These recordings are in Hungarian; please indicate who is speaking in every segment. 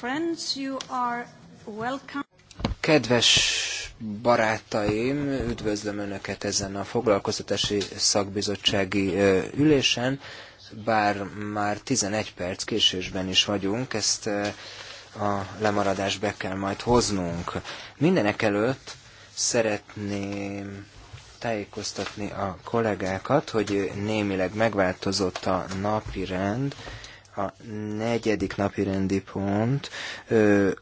Speaker 1: friends, you are welcome.
Speaker 2: Kedves barátaim, üdvözlöm Önöket ezen a foglalkoztatási szakbizottsági ülésen, bár már 11 perc késésben is vagyunk, ezt a lemaradást be kell majd hoznunk. Mindenek előtt szeretném tájékoztatni a kollégákat, hogy némileg megváltozott a napi rend, a negyedik napi rendi pont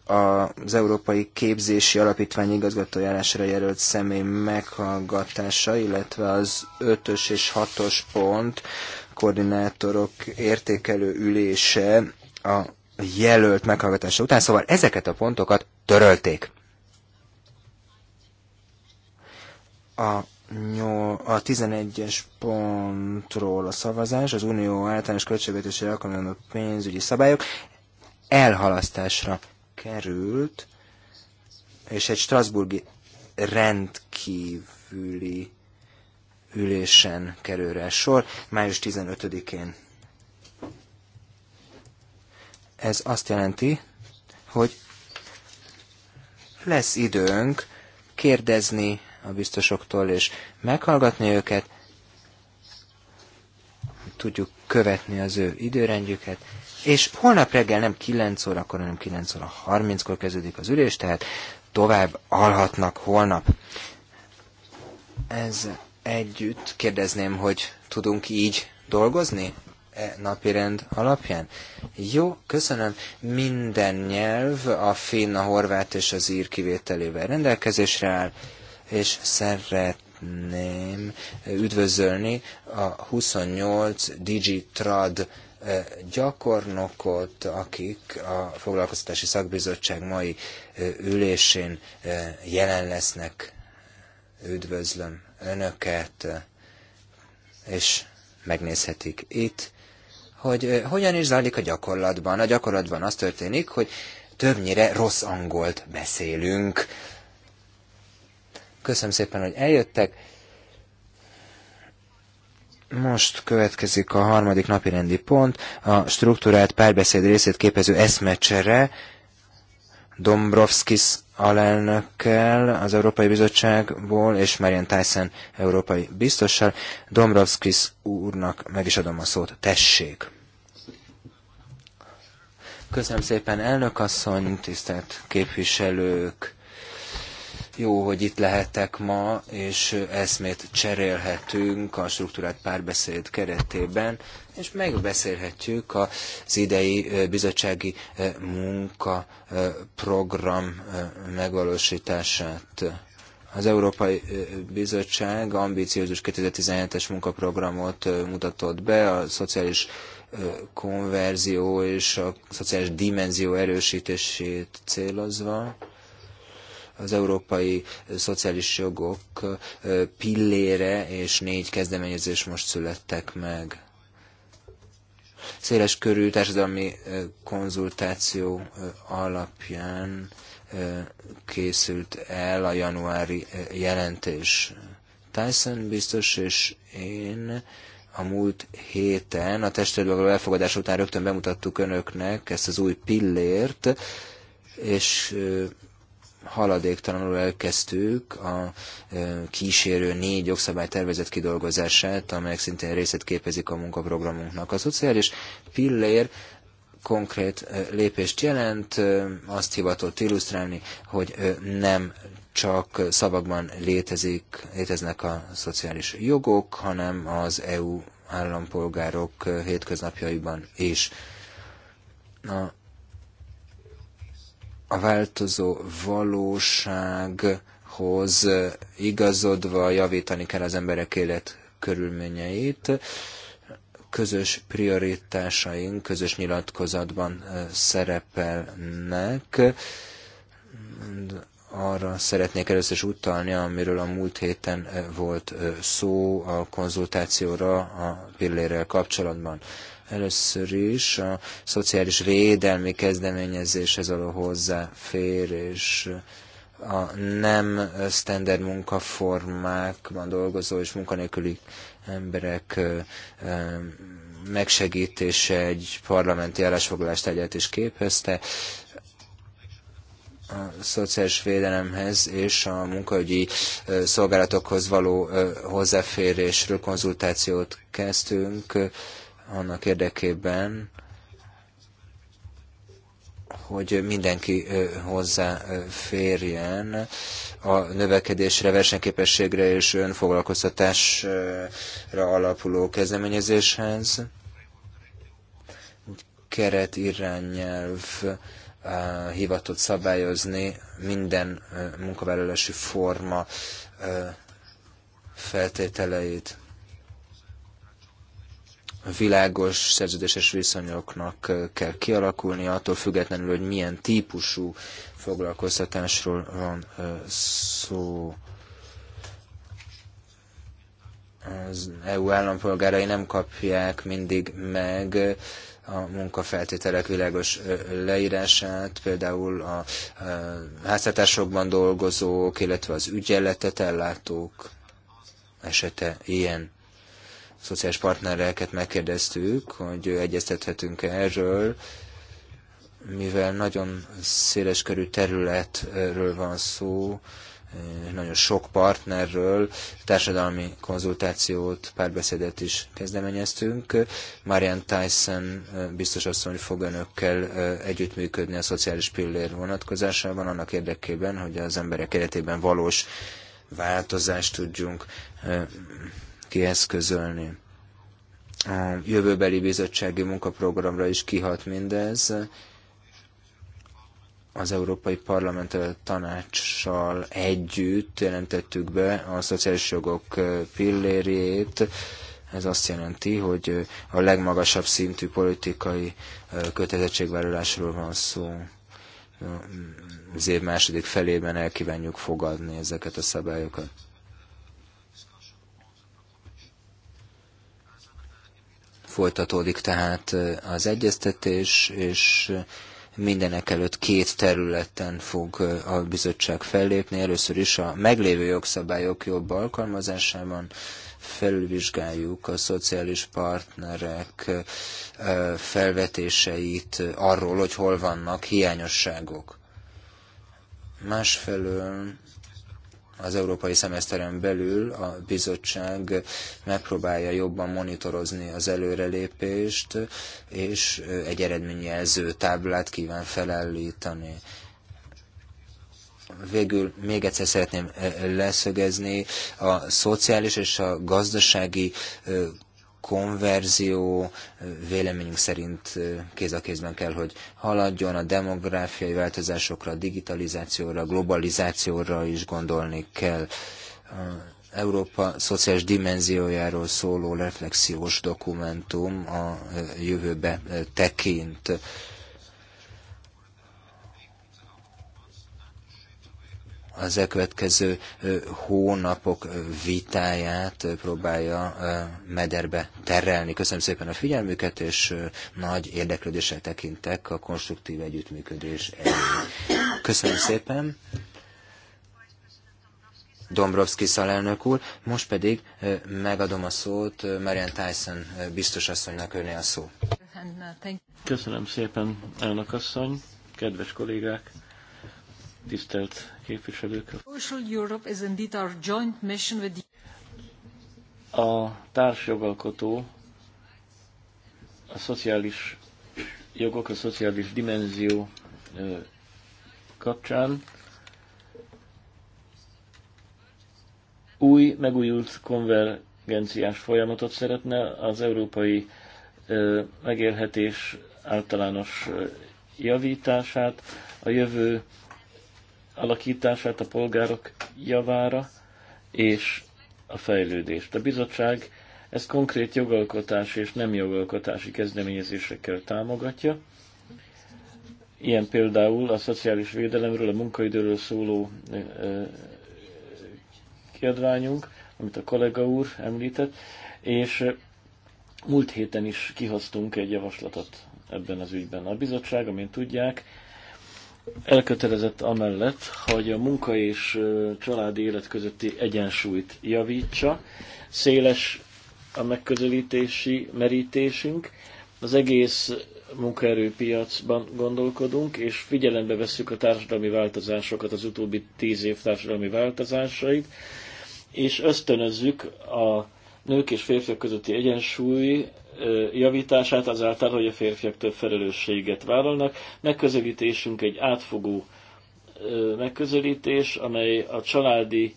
Speaker 2: az Európai Képzési Alapítvány igazgatójárásra jelölt személy meghallgatása, illetve az ötös és hatos pont koordinátorok értékelő ülése a jelölt meghallgatása után, szóval ezeket a pontokat törölték. A a 11-es pontról a szavazás, az Unió általános költségvetésére alkalmazott pénzügyi szabályok elhalasztásra került, és egy Strasburgi rendkívüli ülésen kerül rá sor, május 15-én. Ez azt jelenti, hogy lesz időnk kérdezni, a biztosoktól, és meghallgatni őket, tudjuk követni az ő időrendjüket, és holnap reggel nem 9 órakor, hanem 9 óra 30-kor kezdődik az ülés, tehát tovább alhatnak holnap. Ez együtt kérdezném, hogy tudunk így dolgozni? E napirend alapján? Jó, köszönöm. Minden nyelv a finn, a horvát és az ír kivételével rendelkezésre áll és szeretném üdvözölni a 28 Digitrad eh, gyakornokot, akik a Foglalkoztatási Szakbizottság mai eh, ülésén eh, jelen lesznek. Üdvözlöm Önöket, és megnézhetik itt, hogy hogyan is zajlik a gyakorlatban. A gyakorlatban az történik, hogy többnyire rossz angolt beszélünk, Köszönöm szépen, hogy eljöttek. Most következik a harmadik napi rendi pont, a struktúrált párbeszéd részét képező eszmecsere Dombrovskis alelnökkel az Európai Bizottságból és Marian Tyson európai biztossal. Dombrovskis úrnak meg is adom a szót. Tessék! Köszönöm szépen, elnök asszony, tisztelt képviselők! Jó, hogy itt lehetek ma, és eszmét cserélhetünk a strukturált párbeszéd keretében, és megbeszélhetjük az idei bizottsági munkaprogram megvalósítását. Az Európai Bizottság ambiciózus 2017-es munkaprogramot mutatott be a szociális konverzió és a szociális dimenzió erősítését célozva az európai szociális jogok pillére és négy kezdeményezés most születtek meg. Széles körű társadalmi konzultáció alapján készült el a januári jelentés. Tyson biztos és én a múlt héten a testületbe való elfogadás után rögtön bemutattuk önöknek ezt az új pillért, és haladéktalanul elkezdtük a kísérő négy jogszabály tervezet kidolgozását, amelyek szintén részét képezik a munkaprogramunknak. A szociális pillér konkrét lépést jelent, azt hivatott illusztrálni, hogy nem csak szavakban létezik, léteznek a szociális jogok, hanem az EU állampolgárok hétköznapjaiban is. A a változó valósághoz igazodva javítani kell az emberek élet körülményeit. Közös prioritásaink közös nyilatkozatban szerepelnek. Arra szeretnék először is utalni, amiről a múlt héten volt szó a konzultációra a pillérrel kapcsolatban. Először is a szociális védelmi kezdeményezéshez való hozzáférés a nem standard munkaformákban dolgozó és munkanélküli emberek megsegítése egy parlamenti állásfoglalást egyet is képezte a szociális védelemhez és a munkaügyi szolgálatokhoz való hozzáférésről konzultációt kezdtünk annak érdekében, hogy mindenki hozzáférjen a növekedésre, versenyképességre és önfoglalkoztatásra alapuló kezdeményezéshez. Keret irányelv hivatott szabályozni minden munkavállalási forma feltételeit világos szerződéses viszonyoknak kell kialakulni, attól függetlenül, hogy milyen típusú foglalkoztatásról van szó. Az EU állampolgárai nem kapják mindig meg a munkafeltételek világos leírását, például a háztartásokban dolgozók, illetve az ügyeletet ellátók esete ilyen szociális partnereket megkérdeztük, hogy egyeztethetünk -e erről, mivel nagyon széleskörű területről van szó, nagyon sok partnerről társadalmi konzultációt, párbeszédet is kezdeményeztünk. Marian Tyson biztos asszony fog önökkel együttműködni a szociális pillér vonatkozásában, annak érdekében, hogy az emberek életében valós változást tudjunk kieszközölni. A jövőbeli bizottsági munkaprogramra is kihat mindez. Az Európai Parlament tanácssal együtt jelentettük be a szociális jogok pillérjét, ez azt jelenti, hogy a legmagasabb szintű politikai kötelezettségvállalásról van szó. Az év második felében elkívánjuk fogadni ezeket a szabályokat. Folytatódik tehát az egyeztetés, és mindenek előtt két területen fog a bizottság fellépni. Először is a meglévő jogszabályok jobb alkalmazásában felülvizsgáljuk a szociális partnerek felvetéseit arról, hogy hol vannak hiányosságok. Másfelől az európai szemeszteren belül a bizottság megpróbálja jobban monitorozni az előrelépést, és egy eredményjelző táblát kíván felállítani végül még egyszer szeretném leszögezni, a szociális és a gazdasági konverzió véleményünk szerint kéz a kézben kell, hogy haladjon, a demográfiai változásokra, a digitalizációra, a globalizációra is gondolni kell. Európa szociális dimenziójáról szóló reflexiós dokumentum a jövőbe tekint. az elkövetkező hónapok vitáját próbálja mederbe terelni. Köszönöm szépen a figyelmüket, és nagy érdeklődéssel tekintek a konstruktív együttműködés elé. Köszönöm szépen. Dombrovski szalelnök úr, most pedig megadom a szót
Speaker 3: Marian Tyson biztos asszonynak öné a szó. Uh, Köszönöm szépen, elnök asszony, kedves kollégák! tisztelt képviselők! A társjogalkotó a szociális jogok, a szociális dimenzió kapcsán új, megújult konvergenciás folyamatot szeretne az európai megélhetés általános javítását, a jövő alakítását a polgárok javára és a fejlődést. A bizottság ezt konkrét jogalkotási és nem jogalkotási kezdeményezésekkel támogatja. Ilyen például a szociális védelemről, a munkaidőről szóló kiadványunk, amit a kollega úr említett, és múlt héten is kihoztunk egy javaslatot ebben az ügyben. A bizottság, amint tudják, elkötelezett amellett, hogy a munka és családi élet közötti egyensúlyt javítsa. Széles a megközelítési merítésünk. Az egész munkaerőpiacban gondolkodunk, és figyelembe vesszük a társadalmi változásokat, az utóbbi tíz év társadalmi változásait, és ösztönözzük a nők és férfiak közötti egyensúly javítását azáltal, hogy a férfiak több felelősséget vállalnak. Megközelítésünk egy átfogó megközelítés, amely a családi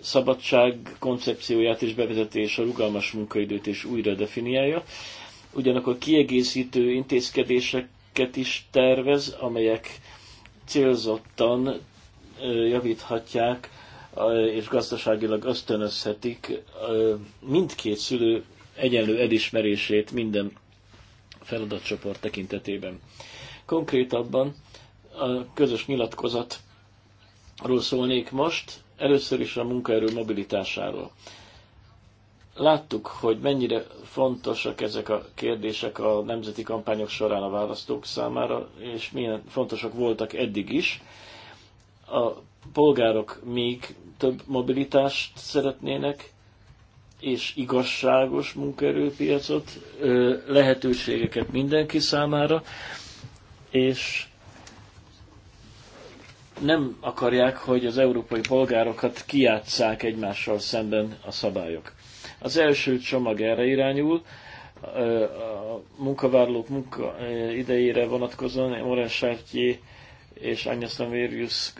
Speaker 3: szabadság koncepcióját is bevezetés a rugalmas munkaidőt is újra definiálja. Ugyanakkor kiegészítő intézkedéseket is tervez, amelyek célzottan javíthatják és gazdaságilag ösztönözhetik mindkét szülő egyenlő elismerését minden feladatcsoport tekintetében. Konkrétabban a közös nyilatkozatról szólnék most, először is a munkaerő mobilitásáról. Láttuk, hogy mennyire fontosak ezek a kérdések a nemzeti kampányok során a választók számára, és milyen fontosak voltak eddig is. A polgárok még több mobilitást szeretnének, és igazságos munkaerőpiacot, lehetőségeket mindenki számára, és nem akarják, hogy az európai polgárokat kiátszák egymással szemben a szabályok. Az első csomag erre irányul, a munkavállalók munka idejére vonatkozóan Morán és Anya Szamérius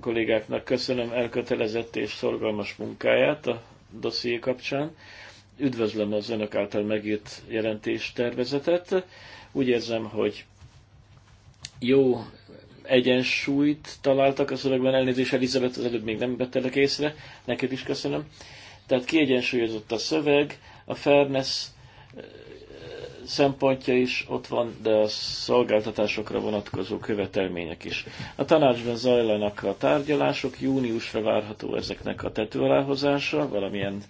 Speaker 3: kollégáknak köszönöm elkötelezett és szorgalmas munkáját a dosszié kapcsán. Üdvözlöm az önök által megírt tervezetet. Úgy érzem, hogy jó egyensúlyt találtak a szövegben. Elnézést, Elizabeth, az előbb még nem betelek észre. Neked is köszönöm. Tehát kiegyensúlyozott a szöveg, a fairness szempontja is ott van, de a szolgáltatásokra vonatkozó követelmények is. A tanácsban zajlanak a tárgyalások, júniusra várható ezeknek a tetőaláhozása, valamilyen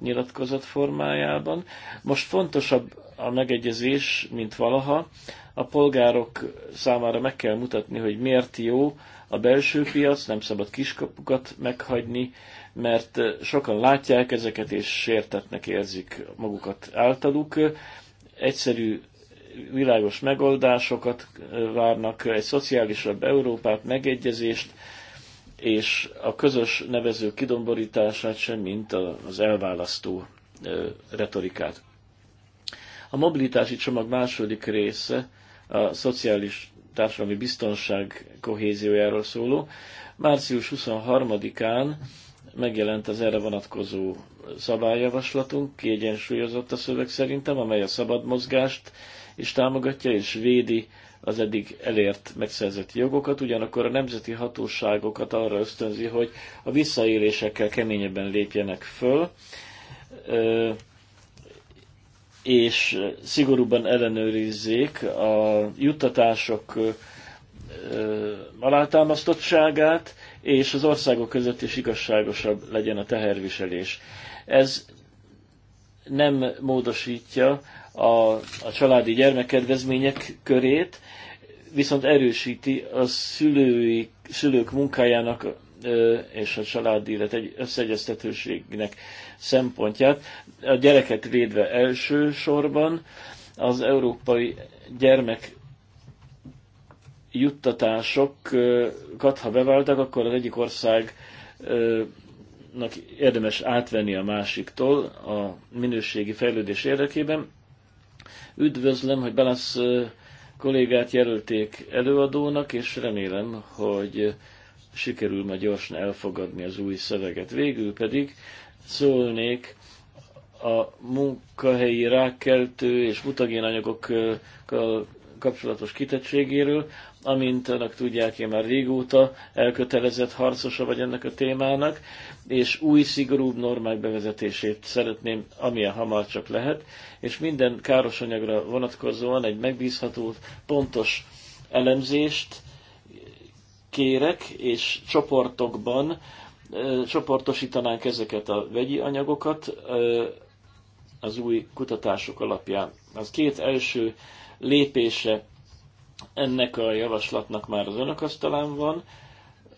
Speaker 3: nyilatkozat formájában. Most fontosabb a megegyezés, mint valaha. A polgárok számára meg kell mutatni, hogy miért jó a belső piac, nem szabad kiskapukat meghagyni, mert sokan látják ezeket és sértetnek érzik magukat általuk egyszerű, világos megoldásokat várnak, egy szociálisabb Európát, megegyezést, és a közös nevező kidomborítását sem, mint az elválasztó retorikát. A mobilitási csomag második része a szociális társadalmi biztonság kohéziójáról szóló. Március 23-án megjelent az erre vonatkozó szabályjavaslatunk, kiegyensúlyozott a szöveg szerintem, amely a szabad mozgást is támogatja és védi az eddig elért megszerzett jogokat, ugyanakkor a nemzeti hatóságokat arra ösztönzi, hogy a visszaélésekkel keményebben lépjenek föl, és szigorúban ellenőrizzék a juttatások alátámasztottságát, és az országok között is igazságosabb legyen a teherviselés. Ez nem módosítja a, a családi gyermekedvezmények körét, viszont erősíti a szülői, szülők munkájának és a családi élet egy összeegyeztetőségnek szempontját. A gyereket védve elsősorban az európai gyermek juttatásokat, ha beváltak, akkor az egyik országnak érdemes átvenni a másiktól a minőségi fejlődés érdekében. Üdvözlöm, hogy Balasz kollégát jelölték előadónak, és remélem, hogy sikerül majd gyorsan elfogadni az új szöveget. Végül pedig szólnék a munkahelyi rákkeltő és mutagénanyagokkal kapcsolatos kitettségéről, amint önök tudják, én már régóta elkötelezett harcosa vagy ennek a témának, és új, szigorúbb normák bevezetését szeretném, amilyen hamar csak lehet, és minden káros anyagra vonatkozóan egy megbízható, pontos elemzést kérek, és csoportokban csoportosítanánk ezeket a vegyi anyagokat az új kutatások alapján. Az két első lépése ennek a javaslatnak már az önök asztalán van,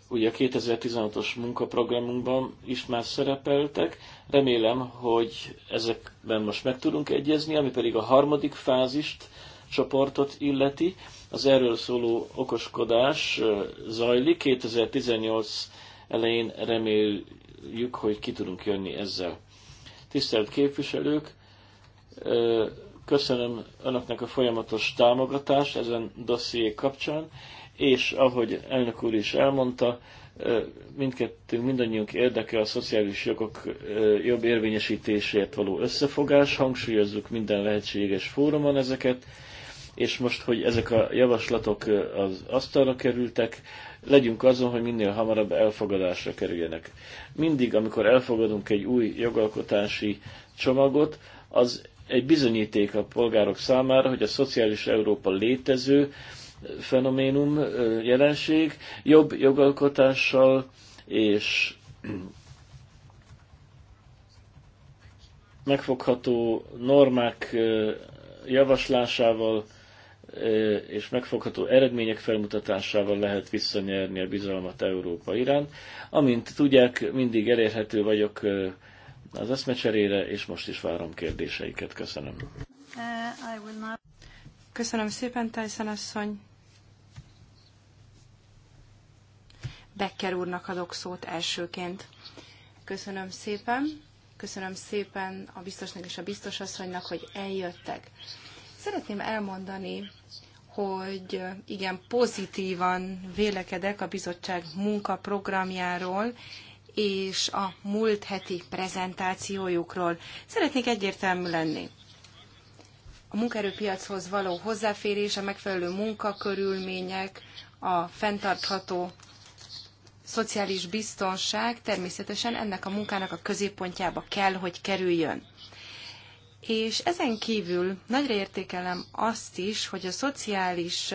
Speaker 3: ugye a 2016-os munkaprogramunkban is már szerepeltek. Remélem, hogy ezekben most meg tudunk egyezni, ami pedig a harmadik fázist, csoportot illeti. Az erről szóló okoskodás zajlik. 2018 elején reméljük, hogy ki tudunk jönni ezzel. Tisztelt képviselők, Köszönöm Önöknek a folyamatos támogatást ezen dosszié kapcsán, és ahogy elnök úr is elmondta, mindkettőnk, mindannyiunk érdeke a szociális jogok jobb érvényesítéséért való összefogás, hangsúlyozzuk minden lehetséges fórumon ezeket, és most, hogy ezek a javaslatok az asztalra kerültek, legyünk azon, hogy minél hamarabb elfogadásra kerüljenek. Mindig, amikor elfogadunk egy új jogalkotási csomagot, az egy bizonyíték a polgárok számára, hogy a szociális Európa létező fenoménum, jelenség, jobb jogalkotással és megfogható normák javaslásával és megfogható eredmények felmutatásával lehet visszanyerni a bizalmat Európa iránt. Amint tudják, mindig elérhető vagyok az eszmecserére, és most is várom kérdéseiket. Köszönöm.
Speaker 1: Uh, Köszönöm szépen, Tyson asszony. Becker úrnak adok szót elsőként. Köszönöm szépen. Köszönöm szépen a biztosnak és a biztos asszonynak, hogy eljöttek. Szeretném elmondani, hogy igen, pozitívan vélekedek a bizottság munkaprogramjáról, és a múlt heti prezentációjukról. Szeretnék egyértelmű lenni. A munkaerőpiachoz való hozzáférés, a megfelelő munkakörülmények, a fenntartható szociális biztonság természetesen ennek a munkának a középpontjába kell, hogy kerüljön. És ezen kívül nagyra értékelem azt is, hogy a szociális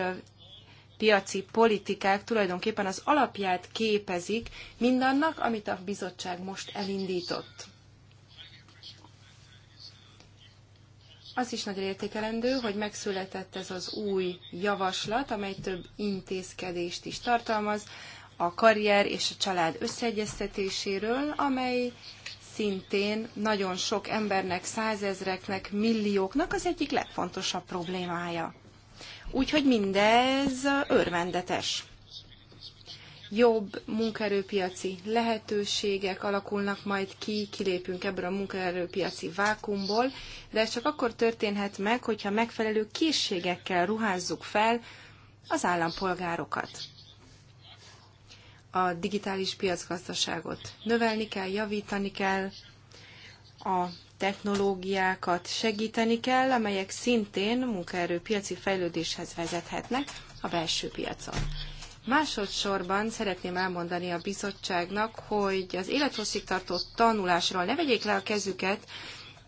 Speaker 1: piaci politikák tulajdonképpen az alapját képezik mindannak, amit a bizottság most elindított. Az is nagyon értékelendő, hogy megszületett ez az új javaslat, amely több intézkedést is tartalmaz a karrier és a család összeegyeztetéséről, amely szintén nagyon sok embernek, százezreknek, millióknak az egyik legfontosabb problémája. Úgyhogy mindez örvendetes. Jobb munkaerőpiaci lehetőségek alakulnak majd ki, kilépünk ebből a munkaerőpiaci vákumból, de ez csak akkor történhet meg, hogyha megfelelő készségekkel ruházzuk fel az állampolgárokat a digitális piacgazdaságot növelni kell, javítani kell, a technológiákat segíteni kell, amelyek szintén munkaerőpiaci fejlődéshez vezethetnek a belső piacon. Másodszorban szeretném elmondani a bizottságnak, hogy az élethosszígtartó tanulásról ne vegyék le a kezüket,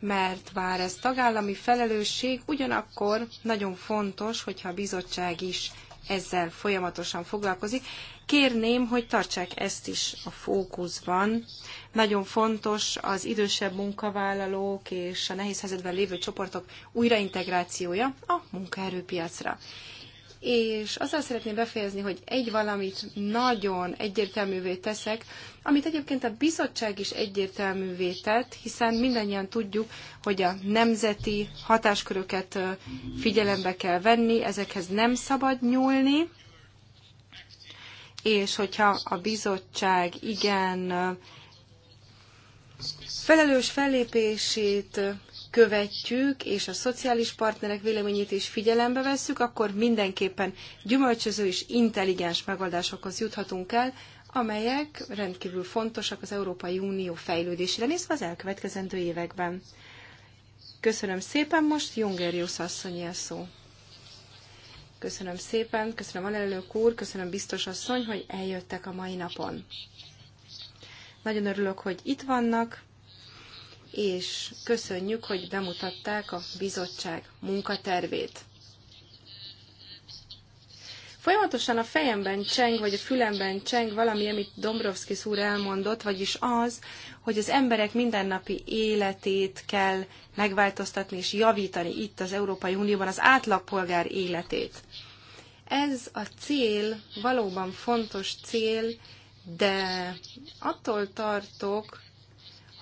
Speaker 1: mert bár ez tagállami felelősség, ugyanakkor nagyon fontos, hogyha a bizottság is ezzel folyamatosan foglalkozik. Kérném, hogy tartsák ezt is a fókuszban. Nagyon fontos az idősebb munkavállalók és a nehéz helyzetben lévő csoportok újraintegrációja a munkaerőpiacra. És azzal szeretném befejezni, hogy egy valamit nagyon egyértelművé teszek, amit egyébként a bizottság is egyértelművé tett, hiszen mindannyian tudjuk, hogy a nemzeti hatásköröket figyelembe kell venni, ezekhez nem szabad nyúlni, és hogyha a bizottság igen felelős fellépését követjük, és a szociális partnerek véleményét is figyelembe vesszük, akkor mindenképpen gyümölcsöző és intelligens megoldásokhoz juthatunk el, amelyek rendkívül fontosak az Európai Unió fejlődésére nézve az elkövetkezendő években. Köszönöm szépen, most Jungerius asszonyi a szó. Köszönöm szépen, köszönöm a úr, köszönöm biztos asszony, hogy eljöttek a mai napon. Nagyon örülök, hogy itt vannak, és köszönjük, hogy bemutatták a bizottság munkatervét. Folyamatosan a fejemben cseng, vagy a fülemben cseng valami, amit Dombrovski úr elmondott, vagyis az, hogy az emberek mindennapi életét kell megváltoztatni és javítani itt az Európai Unióban az átlagpolgár életét. Ez a cél valóban fontos cél, de attól tartok,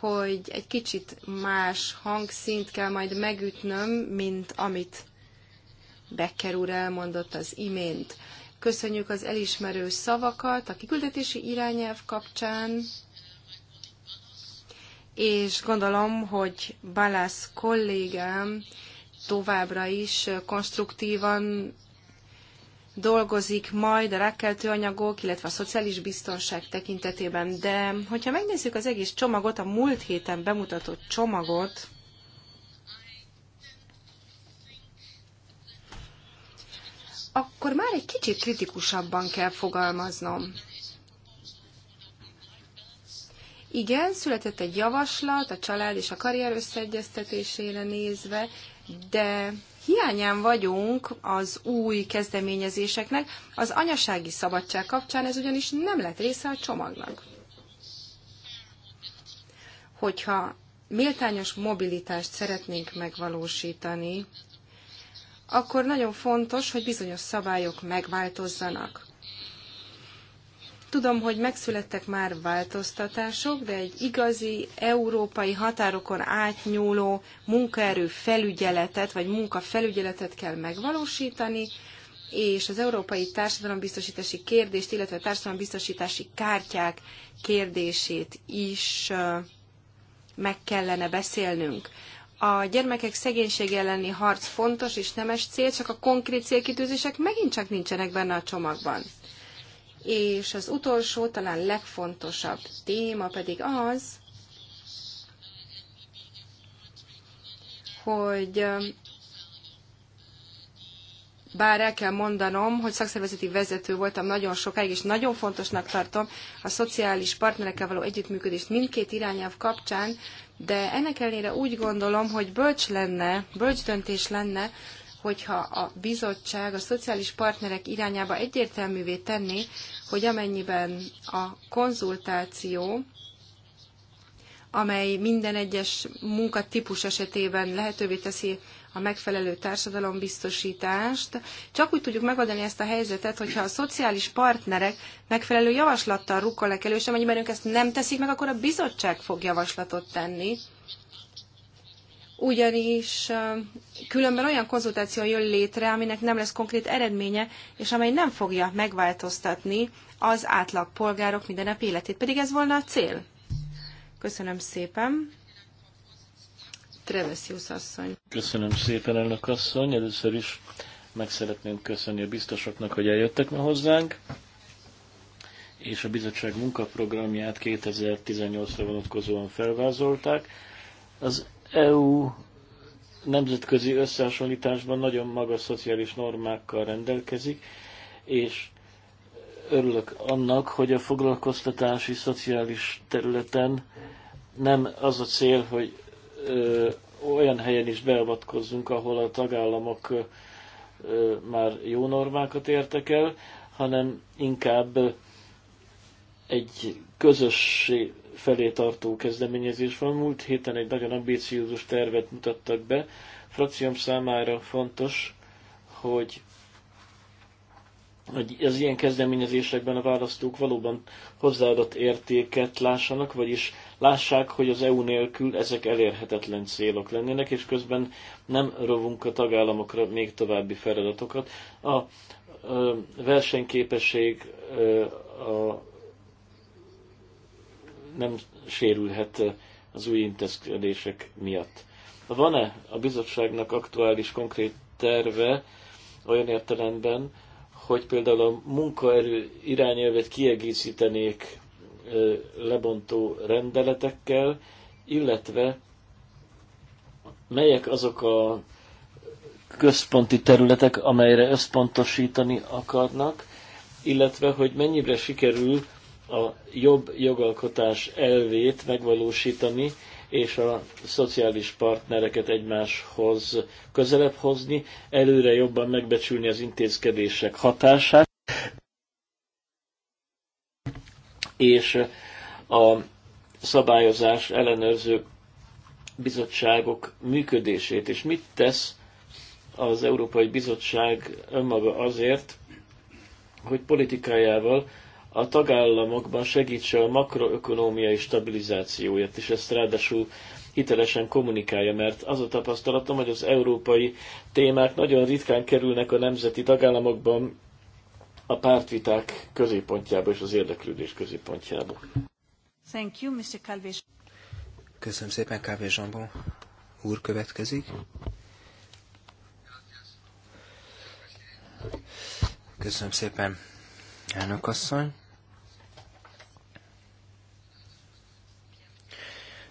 Speaker 1: hogy egy kicsit más hangszint kell majd megütnöm, mint amit Becker úr elmondott az imént. Köszönjük az elismerő szavakat a kiküldetési irányelv kapcsán, és gondolom, hogy Balász kollégám továbbra is konstruktívan dolgozik majd a rákkeltő anyagok, illetve a szociális biztonság tekintetében, de hogyha megnézzük az egész csomagot, a múlt héten bemutatott csomagot, akkor már egy kicsit kritikusabban kell fogalmaznom. Igen, született egy javaslat a család és a karrier összeegyeztetésére nézve, de hiányán vagyunk az új kezdeményezéseknek, az anyasági szabadság kapcsán ez ugyanis nem lett része a csomagnak. Hogyha méltányos mobilitást szeretnénk megvalósítani, akkor nagyon fontos, hogy bizonyos szabályok megváltozzanak. Tudom, hogy megszülettek már változtatások, de egy igazi európai határokon átnyúló munkaerő felügyeletet, vagy munkafelügyeletet kell megvalósítani, és az európai társadalombiztosítási kérdést, illetve a társadalombiztosítási kártyák kérdését is meg kellene beszélnünk a gyermekek szegénység elleni harc fontos és nemes cél, csak a konkrét célkitűzések megint csak nincsenek benne a csomagban. És az utolsó, talán legfontosabb téma pedig az, hogy um, bár el kell mondanom, hogy szakszervezeti vezető voltam nagyon sokáig, és nagyon fontosnak tartom a szociális partnerekkel való együttműködést mindkét irányáv kapcsán, de ennek ellenére úgy gondolom, hogy bölcs lenne, bölcs döntés lenne, hogyha a bizottság a szociális partnerek irányába egyértelművé tenni, hogy amennyiben a konzultáció, amely minden egyes munkatípus esetében lehetővé teszi a megfelelő társadalombiztosítást. Csak úgy tudjuk megoldani ezt a helyzetet, hogyha a szociális partnerek megfelelő javaslattal rukkolnak elő, és amennyiben ők ezt nem teszik meg, akkor a bizottság fog javaslatot tenni ugyanis különben olyan konzultáció jön létre, aminek nem lesz konkrét eredménye, és amely nem fogja megváltoztatni az átlagpolgárok mindennapi életét. Pedig ez volna a cél. Köszönöm szépen. Trevesius asszony.
Speaker 3: Köszönöm szépen, elnök asszony. Először is meg szeretném köszönni a biztosoknak, hogy eljöttek ma hozzánk, és a bizottság munkaprogramját 2018-ra vonatkozóan felvázolták. Az EU nemzetközi összehasonlításban nagyon magas szociális normákkal rendelkezik, és örülök annak, hogy a foglalkoztatási szociális területen nem az a cél, hogy olyan helyen is beavatkozzunk, ahol a tagállamok már jó normákat értek el, hanem inkább egy közös felé tartó kezdeményezés van. Múlt héten egy nagyon ambíciózus tervet mutattak be. Frakcióm számára fontos, hogy hogy az ilyen kezdeményezésekben a választók valóban hozzáadott értéket lássanak, vagyis lássák, hogy az EU nélkül ezek elérhetetlen célok lennének, és közben nem rovunk a tagállamokra még további feladatokat. A, a versenyképesség a, nem sérülhet az új intézkedések miatt. Van-e a bizottságnak aktuális konkrét terve olyan értelemben, hogy például a munkaerő irányelvet kiegészítenék lebontó rendeletekkel, illetve melyek azok a központi területek, amelyre összpontosítani akarnak, illetve hogy mennyire sikerül a jobb jogalkotás elvét megvalósítani és a szociális partnereket egymáshoz közelebb hozni, előre jobban megbecsülni az intézkedések hatását, és a szabályozás ellenőrző bizottságok működését, és mit tesz az Európai Bizottság önmaga azért, hogy politikájával a tagállamokban segítse a makroökonómiai stabilizációját, és ezt ráadásul hitelesen kommunikálja, mert az a tapasztalatom, hogy az európai témák nagyon ritkán kerülnek a nemzeti tagállamokban a pártviták középpontjába és az érdeklődés középpontjába.
Speaker 1: Thank you, Mr. Calvés.
Speaker 2: Köszönöm szépen, Kávé Zsambon. Úr következik. Köszönöm szépen, elnök asszony.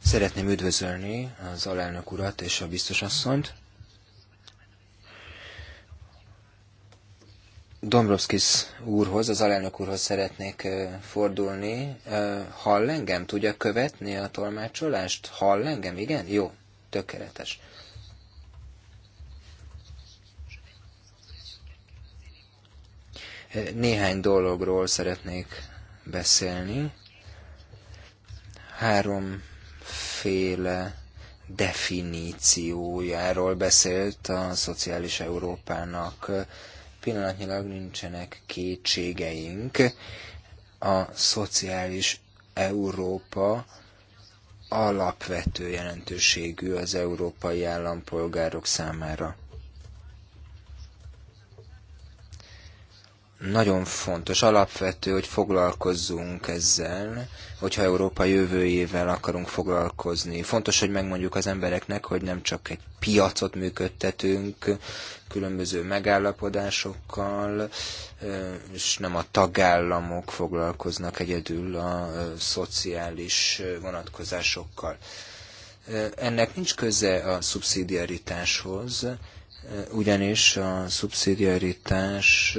Speaker 2: Szeretném üdvözölni az alelnök urat és a biztosasszonyt. Dombrovskis úrhoz, az alelnök úrhoz szeretnék fordulni. Hall engem? Tudja követni a tolmácsolást? Hall engem? Igen? Jó. Tökéletes. Néhány dologról szeretnék beszélni. Három valamiféle definíciójáról beszélt a szociális Európának. Pillanatnyilag nincsenek kétségeink. A szociális Európa alapvető jelentőségű az európai állampolgárok számára. Nagyon fontos, alapvető, hogy foglalkozzunk ezzel, hogyha Európa jövőjével akarunk foglalkozni. Fontos, hogy megmondjuk az embereknek, hogy nem csak egy piacot működtetünk különböző megállapodásokkal, és nem a tagállamok foglalkoznak egyedül a szociális vonatkozásokkal. Ennek nincs köze a szubszidiaritáshoz, ugyanis a szubszidiaritás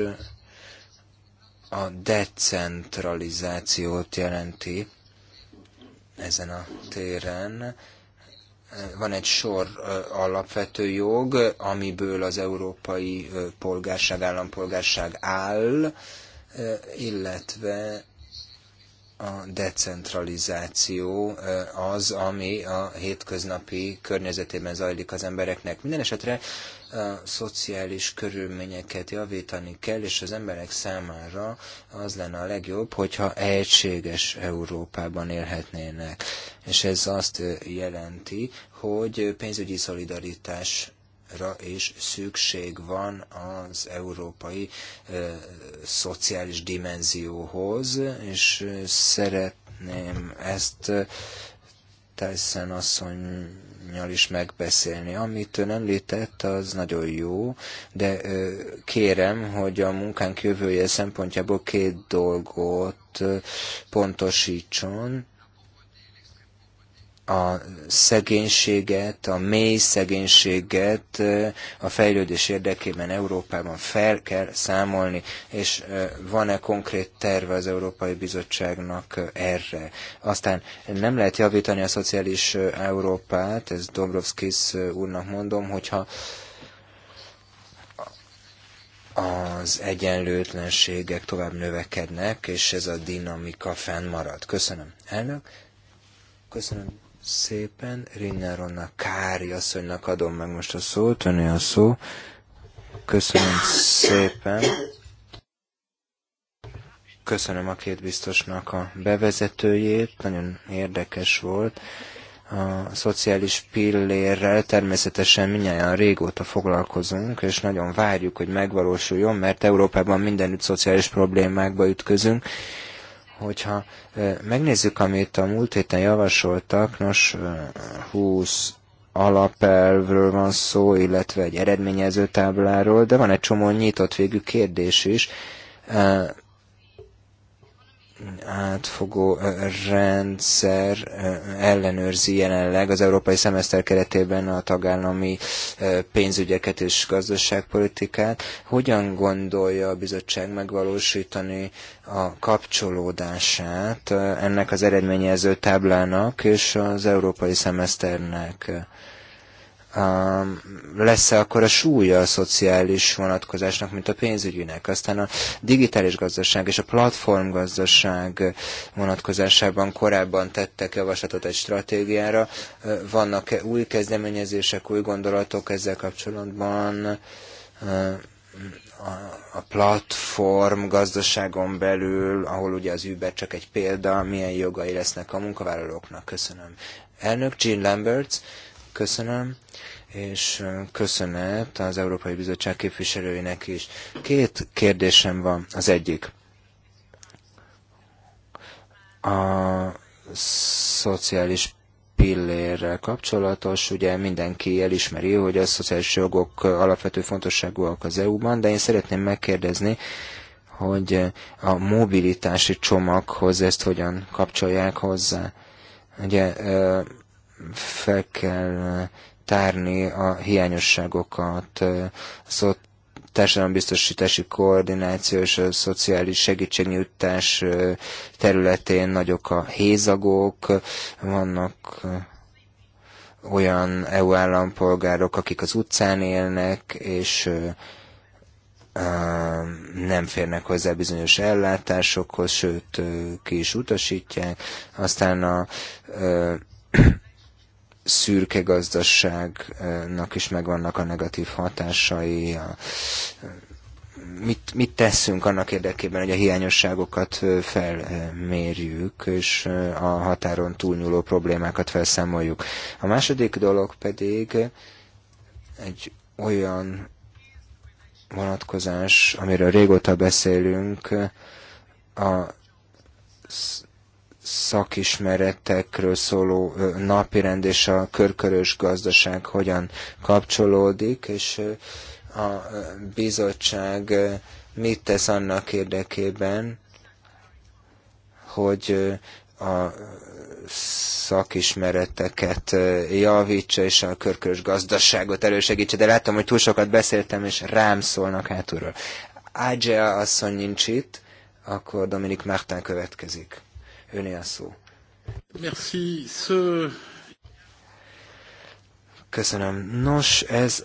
Speaker 2: a decentralizációt jelenti ezen a téren. Van egy sor alapvető jog, amiből az európai polgárság, állampolgárság áll, illetve a decentralizáció az, ami a hétköznapi környezetében zajlik az embereknek. Minden esetre a szociális körülményeket javítani kell, és az emberek számára az lenne a legjobb, hogyha egységes Európában élhetnének. És ez azt jelenti, hogy pénzügyi szolidaritás is szükség van az európai ö, szociális dimenzióhoz, és szeretném ezt Tyson asszony asszonynal is megbeszélni. Amit ön említett, az nagyon jó, de kérem, hogy a munkánk jövője szempontjából két dolgot pontosítson a szegénységet, a mély szegénységet a fejlődés érdekében Európában fel kell számolni, és van-e konkrét terve az Európai Bizottságnak erre? Aztán nem lehet javítani a szociális Európát, ez Dobrovskis úrnak mondom, hogyha az egyenlőtlenségek tovább növekednek, és ez a dinamika fennmarad. Köszönöm. Elnök, köszönöm szépen. Rinneronna Kári asszonynak adom meg most a szót, öné a szó. Köszönöm szépen. Köszönöm a két biztosnak a bevezetőjét, nagyon érdekes volt. A szociális pillérrel természetesen minnyáján régóta foglalkozunk, és nagyon várjuk, hogy megvalósuljon, mert Európában mindenütt szociális problémákba ütközünk. Hogyha megnézzük, amit a múlt héten javasoltak, nos, 20 alapelvről van szó, illetve egy eredményező tábláról, de van egy csomó nyitott végű kérdés is átfogó rendszer ellenőrzi jelenleg az európai szemeszter keretében a tagállami pénzügyeket és gazdaságpolitikát. Hogyan gondolja a bizottság megvalósítani a kapcsolódását ennek az eredményező táblának és az európai szemeszternek? Um, lesz-e akkor a súlya a szociális vonatkozásnak, mint a pénzügyűnek. Aztán a digitális gazdaság és a platformgazdaság vonatkozásában korábban tettek javaslatot egy stratégiára. Uh, vannak-e új kezdeményezések, új gondolatok ezzel kapcsolatban? Uh, a platform gazdaságon belül, ahol ugye az Uber csak egy példa, milyen jogai lesznek a munkavállalóknak. Köszönöm. Elnök Jean Lamberts. Köszönöm, és köszönet az Európai Bizottság képviselőinek is. Két kérdésem van. Az egyik. A szociális pillérrel kapcsolatos, ugye mindenki elismeri, hogy a szociális jogok alapvető fontosságúak az EU-ban, de én szeretném megkérdezni, hogy a mobilitási csomaghoz ezt hogyan kapcsolják hozzá. Ugye fel kell tárni a hiányosságokat, a társadalombiztosítási koordináció és a szociális segítségnyújtás területén nagyok a hézagok, vannak olyan EU állampolgárok, akik az utcán élnek, és nem férnek hozzá bizonyos ellátásokhoz, sőt, ki is utasítják. Aztán a szürke gazdaságnak is megvannak a negatív hatásai, a, mit, mit teszünk annak érdekében, hogy a hiányosságokat felmérjük, és a határon túlnyúló problémákat felszámoljuk. A második dolog pedig egy olyan vonatkozás, amiről régóta beszélünk, a szakismeretekről szóló napirend és a körkörös gazdaság hogyan kapcsolódik, és a bizottság mit tesz annak érdekében, hogy a szakismereteket javítsa, és a körkörös gazdaságot elősegítse, de láttam, hogy túl sokat beszéltem, és rám szólnak hátulról. Ágyea asszony nincs itt, akkor Dominik Mártán következik. Öné a szó.
Speaker 3: Merci.
Speaker 2: Köszönöm. Nos, ez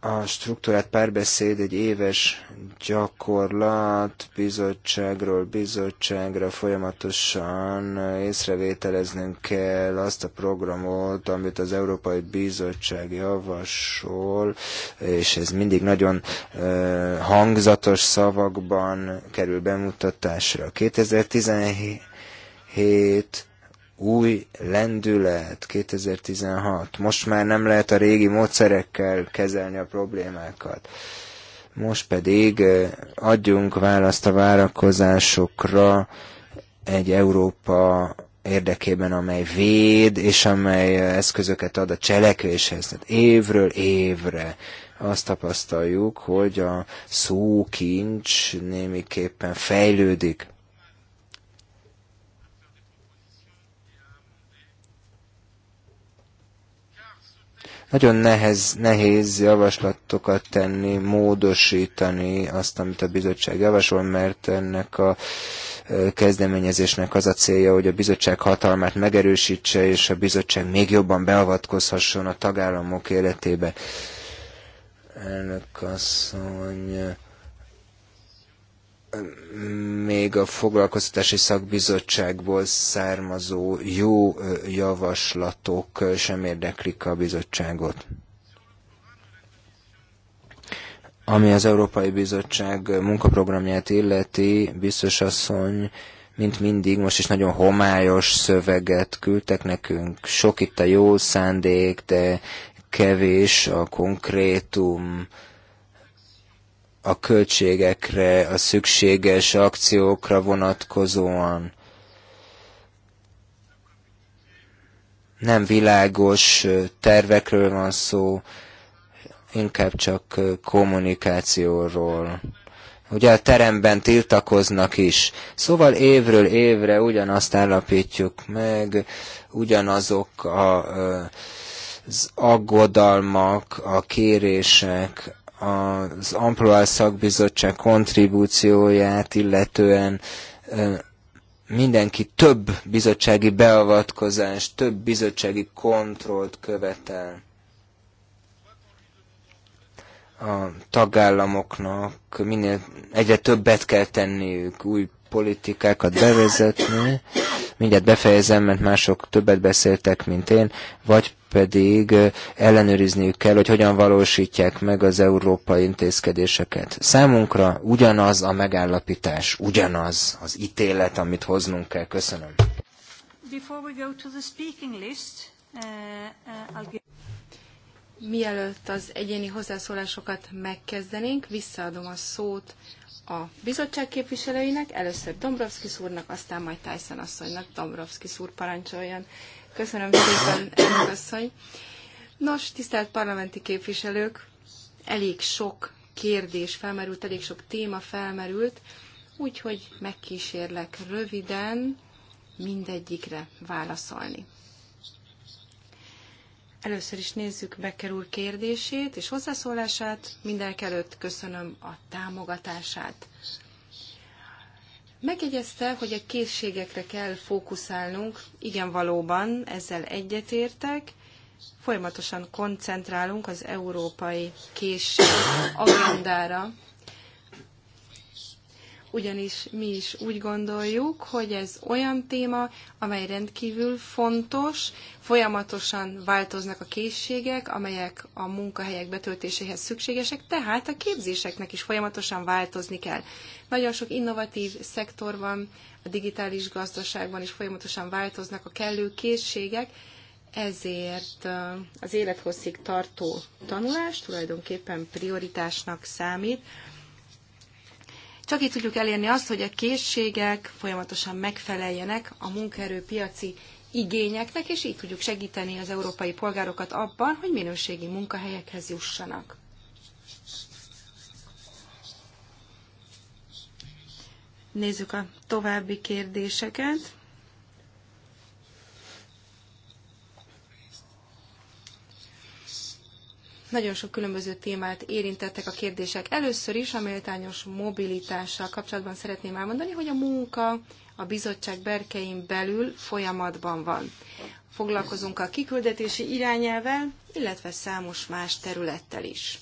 Speaker 2: a struktúrát párbeszéd egy éves gyakorlat, bizottságról bizottságra folyamatosan észrevételeznünk kell azt a programot, amit az Európai Bizottság javasol, és ez mindig nagyon hangzatos szavakban kerül bemutatásra. 2017 2017, új lendület, 2016. Most már nem lehet a régi módszerekkel kezelni a problémákat. Most pedig adjunk választ a várakozásokra egy Európa érdekében, amely véd, és amely eszközöket ad a cselekvéshez. Tehát évről évre azt tapasztaljuk, hogy a szókincs némiképpen fejlődik. Nagyon nehez, nehéz javaslatokat tenni, módosítani azt, amit a bizottság javasol, mert ennek a kezdeményezésnek az a célja, hogy a bizottság hatalmát megerősítse, és a bizottság még jobban beavatkozhasson a tagállamok életébe. Elnök asszony, még a foglalkoztatási szakbizottságból származó jó javaslatok sem érdeklik a bizottságot. Ami az Európai Bizottság munkaprogramját illeti, biztos asszony, mint mindig, most is nagyon homályos szöveget küldtek nekünk. Sok itt a jó szándék, de kevés a konkrétum a költségekre, a szükséges akciókra vonatkozóan. Nem világos tervekről van szó, inkább csak kommunikációról. Ugye a teremben tiltakoznak is. Szóval évről évre ugyanazt állapítjuk meg, ugyanazok a, az aggodalmak, a kérések, az Amplóal szakbizottság kontribúcióját illetően mindenki több bizottsági beavatkozást, több bizottsági kontrollt követel a tagállamoknak minél egyre többet kell tenniük, új politikákat bevezetni, mindjárt befejezem, mert mások többet beszéltek, mint én, vagy pedig ellenőrizniük kell, hogy hogyan valósítják meg az európai intézkedéseket. Számunkra ugyanaz a megállapítás, ugyanaz az ítélet, amit hoznunk kell. Köszönöm.
Speaker 1: List, uh, uh, give... Mielőtt az egyéni hozzászólásokat megkezdenénk, visszaadom a szót a bizottság képviselőinek, először Dombrovskis úrnak, aztán majd Tyson asszonynak Dombrovskis úr parancsoljon. Köszönöm szépen, elnök asszony. Nos, tisztelt parlamenti képviselők, elég sok kérdés felmerült, elég sok téma felmerült, úgyhogy megkísérlek röviden mindegyikre válaszolni. Először is nézzük Becker úr kérdését és hozzászólását. Mindenek előtt köszönöm a támogatását. Megjegyezte, hogy a készségekre kell fókuszálnunk, igen valóban, ezzel egyetértek, folyamatosan koncentrálunk az európai készség agendára, ugyanis mi is úgy gondoljuk, hogy ez olyan téma, amely rendkívül fontos, folyamatosan változnak a készségek, amelyek a munkahelyek betöltéséhez szükségesek, tehát a képzéseknek is folyamatosan változni kell. Nagyon sok innovatív szektor van, a digitális gazdaságban is folyamatosan változnak a kellő készségek, ezért az élethosszig tartó tanulás tulajdonképpen prioritásnak számít. Csak így tudjuk elérni azt, hogy a készségek folyamatosan megfeleljenek a munkaerőpiaci igényeknek, és így tudjuk segíteni az európai polgárokat abban, hogy minőségi munkahelyekhez jussanak. Nézzük a további kérdéseket. Nagyon sok különböző témát érintettek a kérdések. Először is a méltányos mobilitással kapcsolatban szeretném elmondani, hogy a munka a bizottság berkein belül folyamatban van. Foglalkozunk a kiküldetési irányelvel, illetve számos más területtel is.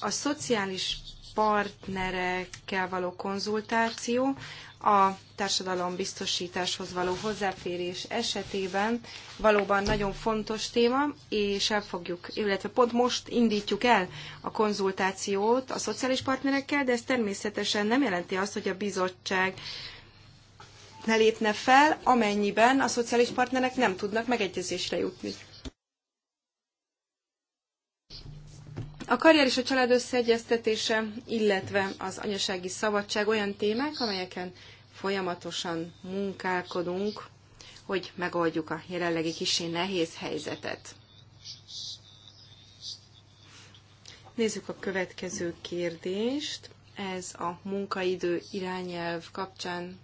Speaker 1: A szociális partnerekkel való konzultáció a társadalombiztosításhoz való hozzáférés esetében valóban nagyon fontos téma, és el fogjuk, illetve pont most indítjuk el a konzultációt a szociális partnerekkel, de ez természetesen nem jelenti azt, hogy a bizottság ne lépne fel, amennyiben a szociális partnerek nem tudnak megegyezésre jutni. A karrier és a család összeegyeztetése, illetve az anyasági szabadság olyan témák, amelyeken folyamatosan munkálkodunk, hogy megoldjuk a jelenlegi kisé nehéz helyzetet. Nézzük a következő kérdést. Ez a munkaidő irányelv kapcsán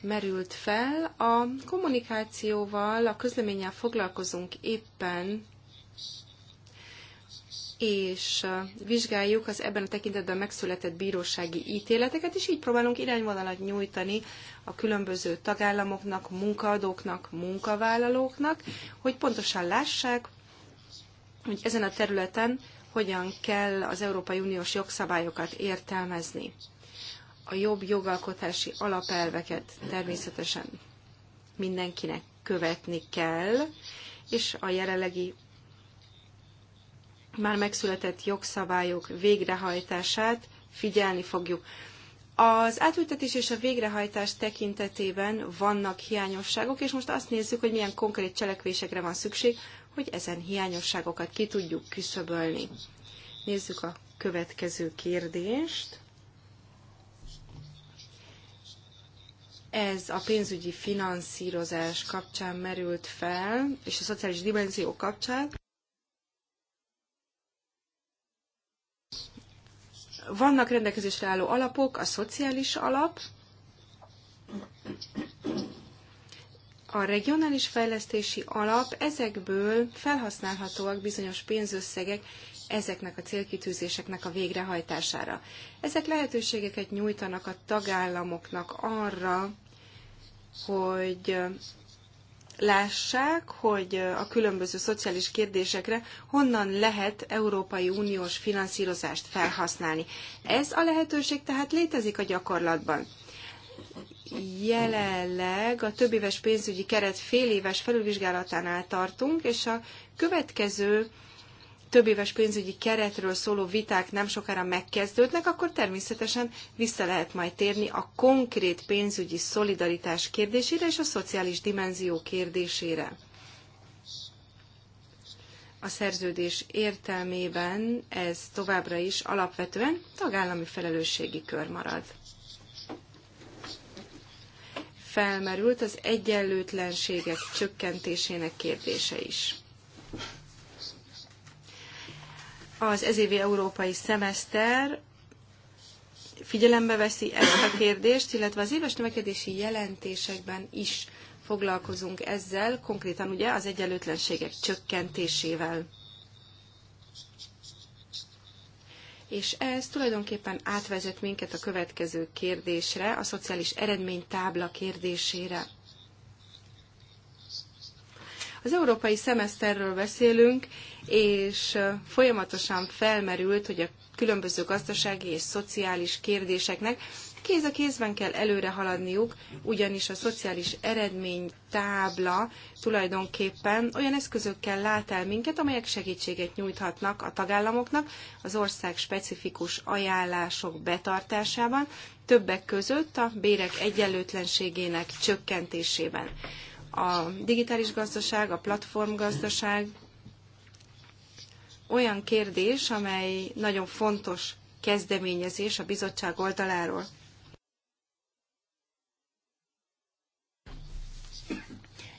Speaker 1: merült fel. A kommunikációval, a közleménnyel foglalkozunk éppen és vizsgáljuk az ebben a tekintetben megszületett bírósági ítéleteket, és így próbálunk irányvonalat nyújtani a különböző tagállamoknak, munkaadóknak, munkavállalóknak, hogy pontosan lássák, hogy ezen a területen hogyan kell az Európai Uniós jogszabályokat értelmezni. A jobb jogalkotási alapelveket természetesen mindenkinek követni kell, és a jelenlegi már megszületett jogszabályok végrehajtását figyelni fogjuk. Az átültetés és a végrehajtás tekintetében vannak hiányosságok, és most azt nézzük, hogy milyen konkrét cselekvésekre van szükség, hogy ezen hiányosságokat ki tudjuk küszöbölni. Nézzük a következő kérdést. Ez a pénzügyi finanszírozás kapcsán merült fel, és a szociális dimenzió kapcsán. Vannak rendelkezésre álló alapok, a szociális alap, a regionális fejlesztési alap, ezekből felhasználhatóak bizonyos pénzösszegek ezeknek a célkitűzéseknek a végrehajtására. Ezek lehetőségeket nyújtanak a tagállamoknak arra, hogy lássák, hogy a különböző szociális kérdésekre honnan lehet Európai Uniós finanszírozást felhasználni. Ez a lehetőség tehát létezik a gyakorlatban. Jelenleg a többéves pénzügyi keret féléves felülvizsgálatánál tartunk, és a következő több éves pénzügyi keretről szóló viták nem sokára megkezdődnek, akkor természetesen vissza lehet majd térni a konkrét pénzügyi szolidaritás kérdésére és a szociális dimenzió kérdésére. A szerződés értelmében ez továbbra is alapvetően tagállami felelősségi kör marad felmerült az egyenlőtlenségek csökkentésének kérdése is az ezévi európai szemeszter figyelembe veszi ezt a kérdést, illetve az éves növekedési jelentésekben is foglalkozunk ezzel, konkrétan ugye az egyenlőtlenségek csökkentésével. És ez tulajdonképpen átvezet minket a következő kérdésre, a szociális eredménytábla kérdésére. Az európai szemeszterről beszélünk, és folyamatosan felmerült, hogy a különböző gazdasági és szociális kérdéseknek kéz a kézben kell előre haladniuk, ugyanis a szociális eredmény tábla tulajdonképpen olyan eszközökkel lát el minket, amelyek segítséget nyújthatnak a tagállamoknak az ország specifikus ajánlások betartásában, többek között a bérek egyenlőtlenségének csökkentésében a digitális gazdaság, a platformgazdaság olyan kérdés, amely nagyon fontos kezdeményezés a bizottság oldaláról.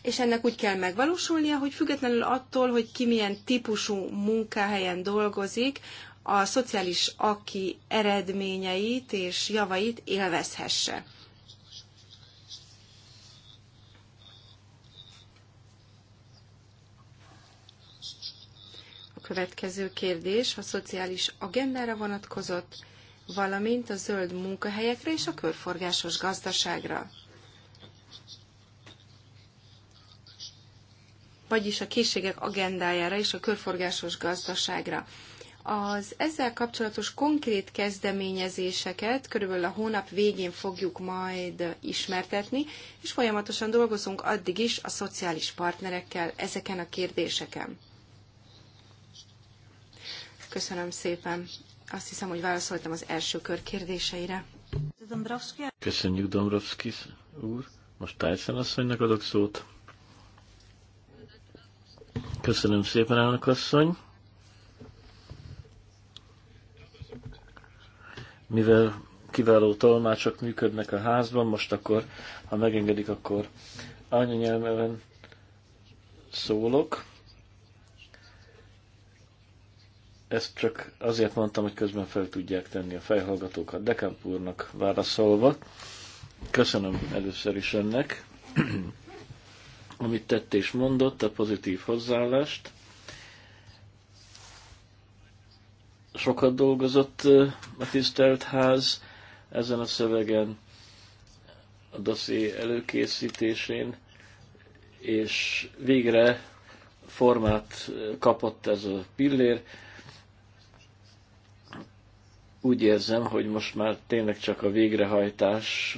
Speaker 1: és ennek úgy kell megvalósulnia, hogy függetlenül attól, hogy ki milyen típusú munkahelyen dolgozik, a szociális aki eredményeit és javait élvezhesse. következő kérdés a szociális agendára vonatkozott, valamint a zöld munkahelyekre és a körforgásos gazdaságra. Vagyis a készségek agendájára és a körforgásos gazdaságra. Az ezzel kapcsolatos konkrét kezdeményezéseket körülbelül a hónap végén fogjuk majd ismertetni, és folyamatosan dolgozunk addig is a szociális partnerekkel ezeken a kérdéseken. Köszönöm szépen. Azt hiszem, hogy válaszoltam az első kör kérdéseire.
Speaker 3: Köszönjük, Dombrovski úr. Most Tyson asszonynak adok szót. Köszönöm szépen, elnök asszony. Mivel kiváló tolmácsok működnek a házban, most akkor, ha megengedik, akkor anyanyelmeven szólok. Ezt csak azért mondtam, hogy közben fel tudják tenni a fejhallgatókat. Dekamp úrnak válaszolva, köszönöm először is ennek, amit tett és mondott, a pozitív hozzáállást. Sokat dolgozott a tisztelt ház ezen a szövegen, a dosszé előkészítésén, és végre formát kapott ez a pillér úgy érzem, hogy most már tényleg csak a végrehajtás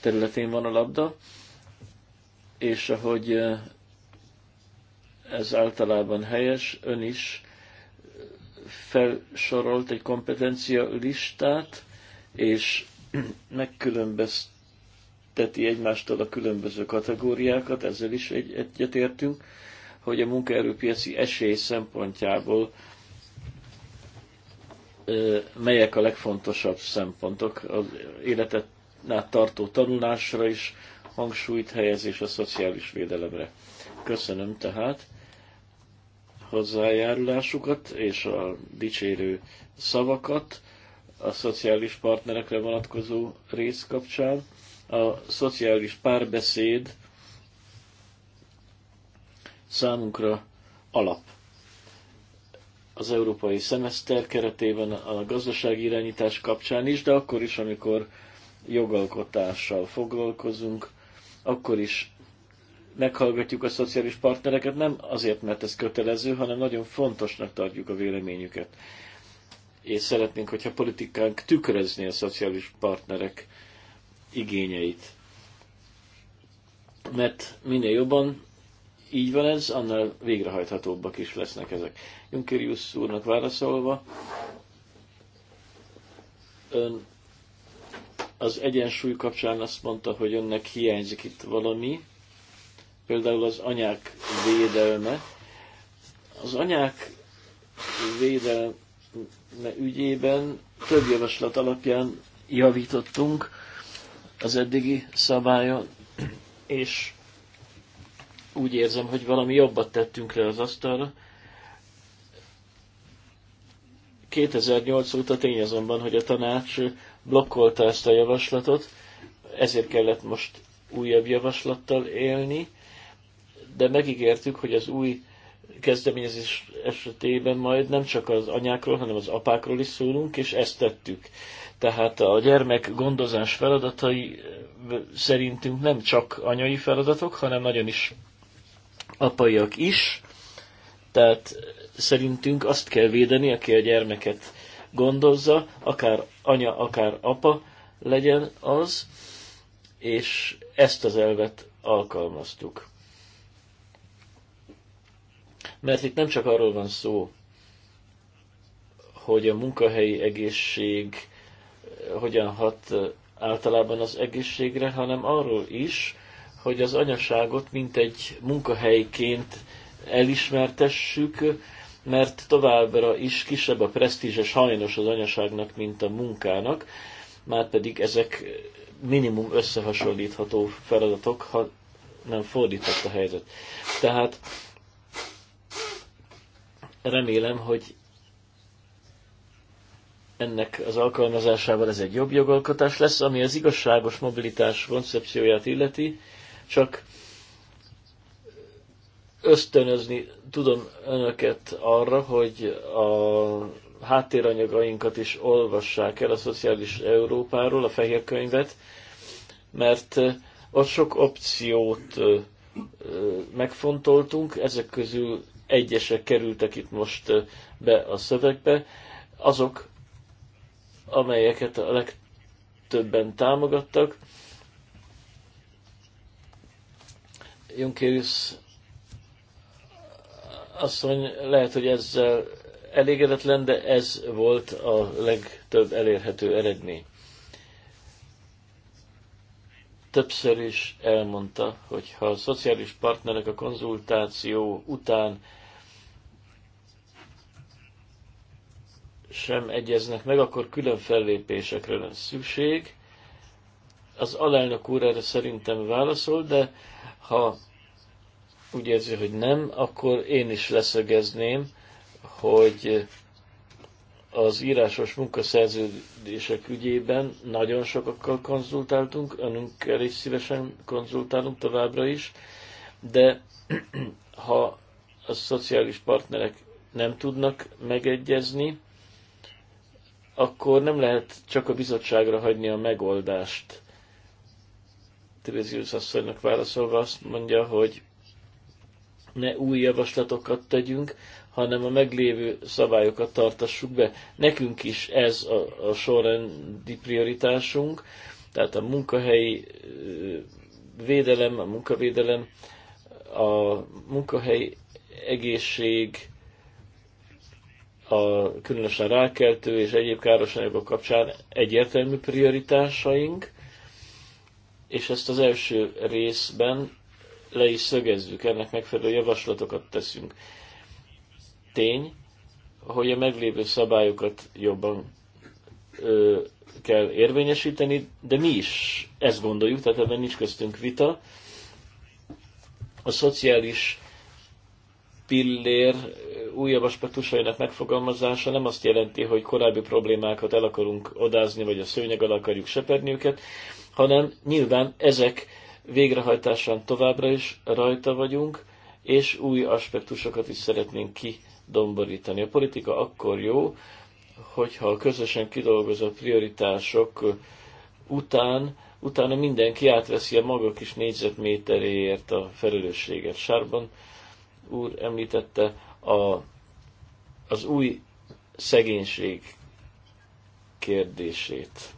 Speaker 3: területén van a labda, és ahogy ez általában helyes, ön is felsorolt egy kompetencia listát, és megkülönbözteti egymástól a különböző kategóriákat, ezzel is egyetértünk, hogy a munkaerőpiaci esély szempontjából melyek a legfontosabb szempontok. Az életet tartó tanulásra is hangsúlyt helyez és a szociális védelemre. Köszönöm tehát hozzájárulásukat és a dicsérő szavakat a szociális partnerekre vonatkozó rész kapcsán. A szociális párbeszéd számunkra alap az európai szemeszter keretében a gazdasági irányítás kapcsán is, de akkor is, amikor jogalkotással foglalkozunk, akkor is meghallgatjuk a szociális partnereket, nem azért, mert ez kötelező, hanem nagyon fontosnak tartjuk a véleményüket. És szeretnénk, hogyha politikánk tükrözni a szociális partnerek igényeit. Mert minél jobban így van ez, annál végrehajthatóbbak is lesznek ezek. Junkerius úrnak válaszolva, ön az egyensúly kapcsán azt mondta, hogy önnek hiányzik itt valami, például az anyák védelme. Az anyák védelme ügyében több javaslat alapján javítottunk az eddigi szabályon, és úgy érzem, hogy valami jobbat tettünk le az asztalra. 2008 óta tény azonban, hogy a tanács blokkolta ezt a javaslatot, ezért kellett most újabb javaslattal élni, de megígértük, hogy az új kezdeményezés esetében majd nem csak az anyákról, hanem az apákról is szólunk, és ezt tettük. Tehát a gyermek gondozás feladatai szerintünk nem csak anyai feladatok, hanem nagyon is apaiak is, tehát szerintünk azt kell védeni, aki a gyermeket gondozza, akár anya, akár apa legyen az, és ezt az elvet alkalmaztuk. Mert itt nem csak arról van szó, hogy a munkahelyi egészség eh, hogyan hat eh, általában az egészségre, hanem arról is, hogy az anyaságot mint egy munkahelyként elismertessük, mert továbbra is kisebb a presztízses sajnos az anyaságnak, mint a munkának, már pedig ezek minimum összehasonlítható feladatok, ha nem fordított a helyzet. Tehát remélem, hogy ennek az alkalmazásával ez egy jobb jogalkotás lesz, ami az igazságos mobilitás koncepcióját illeti csak ösztönözni tudom önöket arra, hogy a háttéranyagainkat is olvassák el a Szociális Európáról, a Fehér Könyvet, mert ott sok opciót megfontoltunk, ezek közül egyesek kerültek itt most be a szövegbe, azok, amelyeket a legtöbben támogattak, Junkérius asszony lehet, hogy ezzel elégedetlen, de ez volt a legtöbb elérhető eredmény. Többször is elmondta, hogy ha a szociális partnerek a konzultáció után sem egyeznek meg, akkor külön fellépésekre lesz szükség, az alelnök úr erre szerintem válaszol, de ha úgy érzi, hogy nem, akkor én is leszögezném, hogy az írásos munkaszerződések ügyében nagyon sokakkal konzultáltunk, önünkkel is szívesen konzultálunk továbbra is, de ha a szociális partnerek nem tudnak megegyezni, akkor nem lehet csak a bizottságra hagyni a megoldást. Terézius asszonynak válaszolva azt mondja, hogy ne új javaslatokat tegyünk, hanem a meglévő szabályokat tartassuk be. Nekünk is ez a, a sorrendi prioritásunk, tehát a munkahelyi védelem, a munkavédelem, a munkahely egészség, a különösen rákeltő és egyéb káros kapcsán egyértelmű prioritásaink, és ezt az első részben le is szögezzük, ennek megfelelő javaslatokat teszünk. Tény, hogy a meglévő szabályokat jobban ö, kell érvényesíteni, de mi is ezt gondoljuk, tehát ebben nincs köztünk vita. A szociális pillér újabb aspektusainak megfogalmazása nem azt jelenti, hogy korábbi problémákat el akarunk odázni, vagy a szőnyeg alá akarjuk seperni őket, hanem nyilván ezek végrehajtásán továbbra is rajta vagyunk, és új aspektusokat is szeretnénk kidomborítani. A politika akkor jó, hogyha a közösen kidolgozott prioritások után, utána mindenki átveszi a maga kis négyzetméteréért a felelősséget. Sárban úr említette a, az új szegénység kérdését.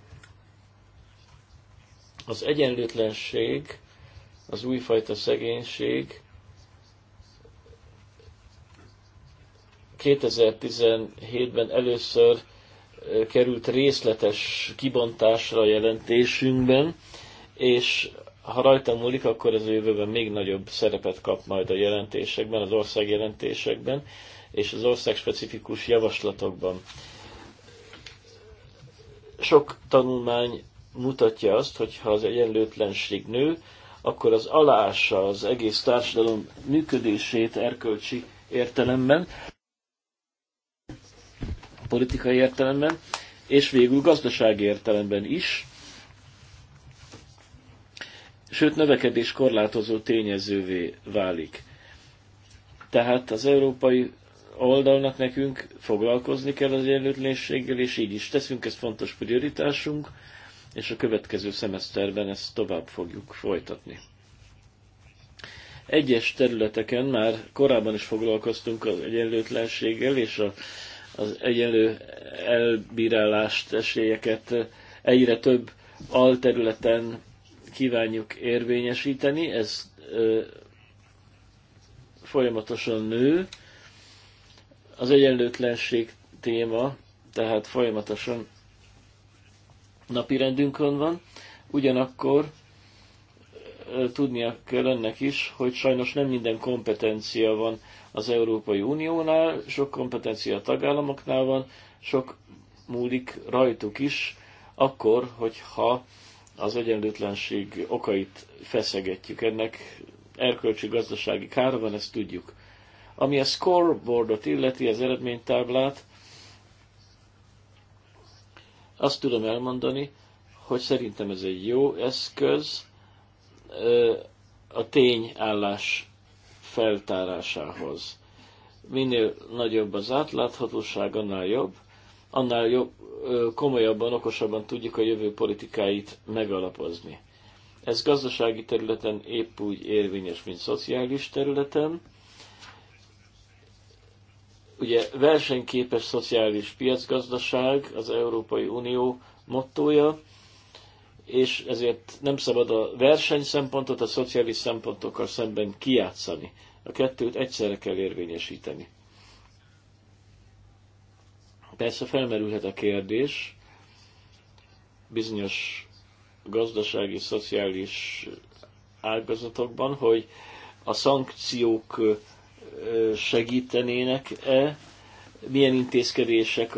Speaker 3: Az egyenlőtlenség, az újfajta szegénység 2017-ben először került részletes kibontásra a jelentésünkben, és ha rajta múlik, akkor ez a jövőben még nagyobb szerepet kap majd a jelentésekben, az ország jelentésekben, és az ország specifikus javaslatokban. Sok tanulmány mutatja azt, hogy ha az egyenlőtlenség nő, akkor az aláássa az egész társadalom működését erkölcsi értelemben, politikai értelemben, és végül gazdasági értelemben is, sőt növekedés korlátozó tényezővé válik. Tehát az európai oldalnak nekünk foglalkozni kell az egyenlőtlenséggel, és így is teszünk, ez fontos prioritásunk, és a következő szemeszterben ezt tovább fogjuk folytatni. Egyes területeken már korábban is foglalkoztunk az egyenlőtlenséggel és a, az egyenlő elbírálást, esélyeket egyre több alterületen kívánjuk érvényesíteni, ez ö, folyamatosan nő. Az egyenlőtlenség téma tehát folyamatosan napi rendünkön van, ugyanakkor tudnia kell ennek is, hogy sajnos nem minden kompetencia van az Európai Uniónál, sok kompetencia a tagállamoknál van, sok múlik rajtuk is, akkor, hogyha az egyenlőtlenség okait feszegetjük. Ennek erkölcsi gazdasági kára van, ezt tudjuk. Ami a scoreboardot illeti, az eredménytáblát, azt tudom elmondani, hogy szerintem ez egy jó eszköz a tényállás feltárásához. Minél nagyobb az átláthatóság, annál jobb, annál jobb, komolyabban, okosabban tudjuk a jövő politikáit megalapozni. Ez gazdasági területen épp úgy érvényes, mint szociális területen. Ugye versenyképes szociális piacgazdaság az Európai Unió mottója, és ezért nem szabad a verseny szempontot a szociális szempontokkal szemben kiátszani. A kettőt egyszerre kell érvényesíteni. Persze felmerülhet a kérdés bizonyos gazdasági, szociális ágazatokban, hogy a szankciók segítenének-e, milyen intézkedések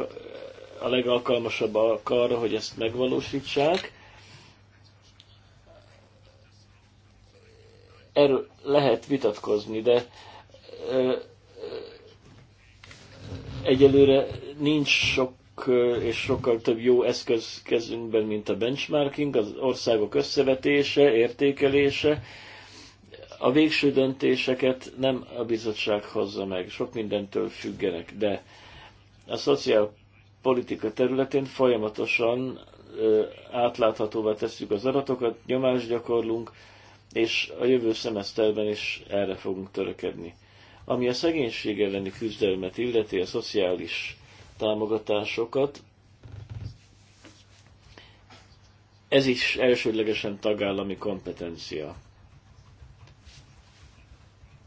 Speaker 3: a legalkalmasabbak arra, hogy ezt megvalósítsák. Erről lehet vitatkozni, de egyelőre nincs sok és sokkal több jó eszköz kezünkben, mint a benchmarking, az országok összevetése, értékelése, a végső döntéseket nem a bizottság hozza meg, sok mindentől függenek, de a szociálpolitika területén folyamatosan átláthatóvá tesszük az adatokat, nyomást gyakorlunk, és a jövő szemeszterben is erre fogunk törekedni. Ami a szegénység elleni küzdelmet illeti, a szociális támogatásokat, ez is elsődlegesen tagállami kompetencia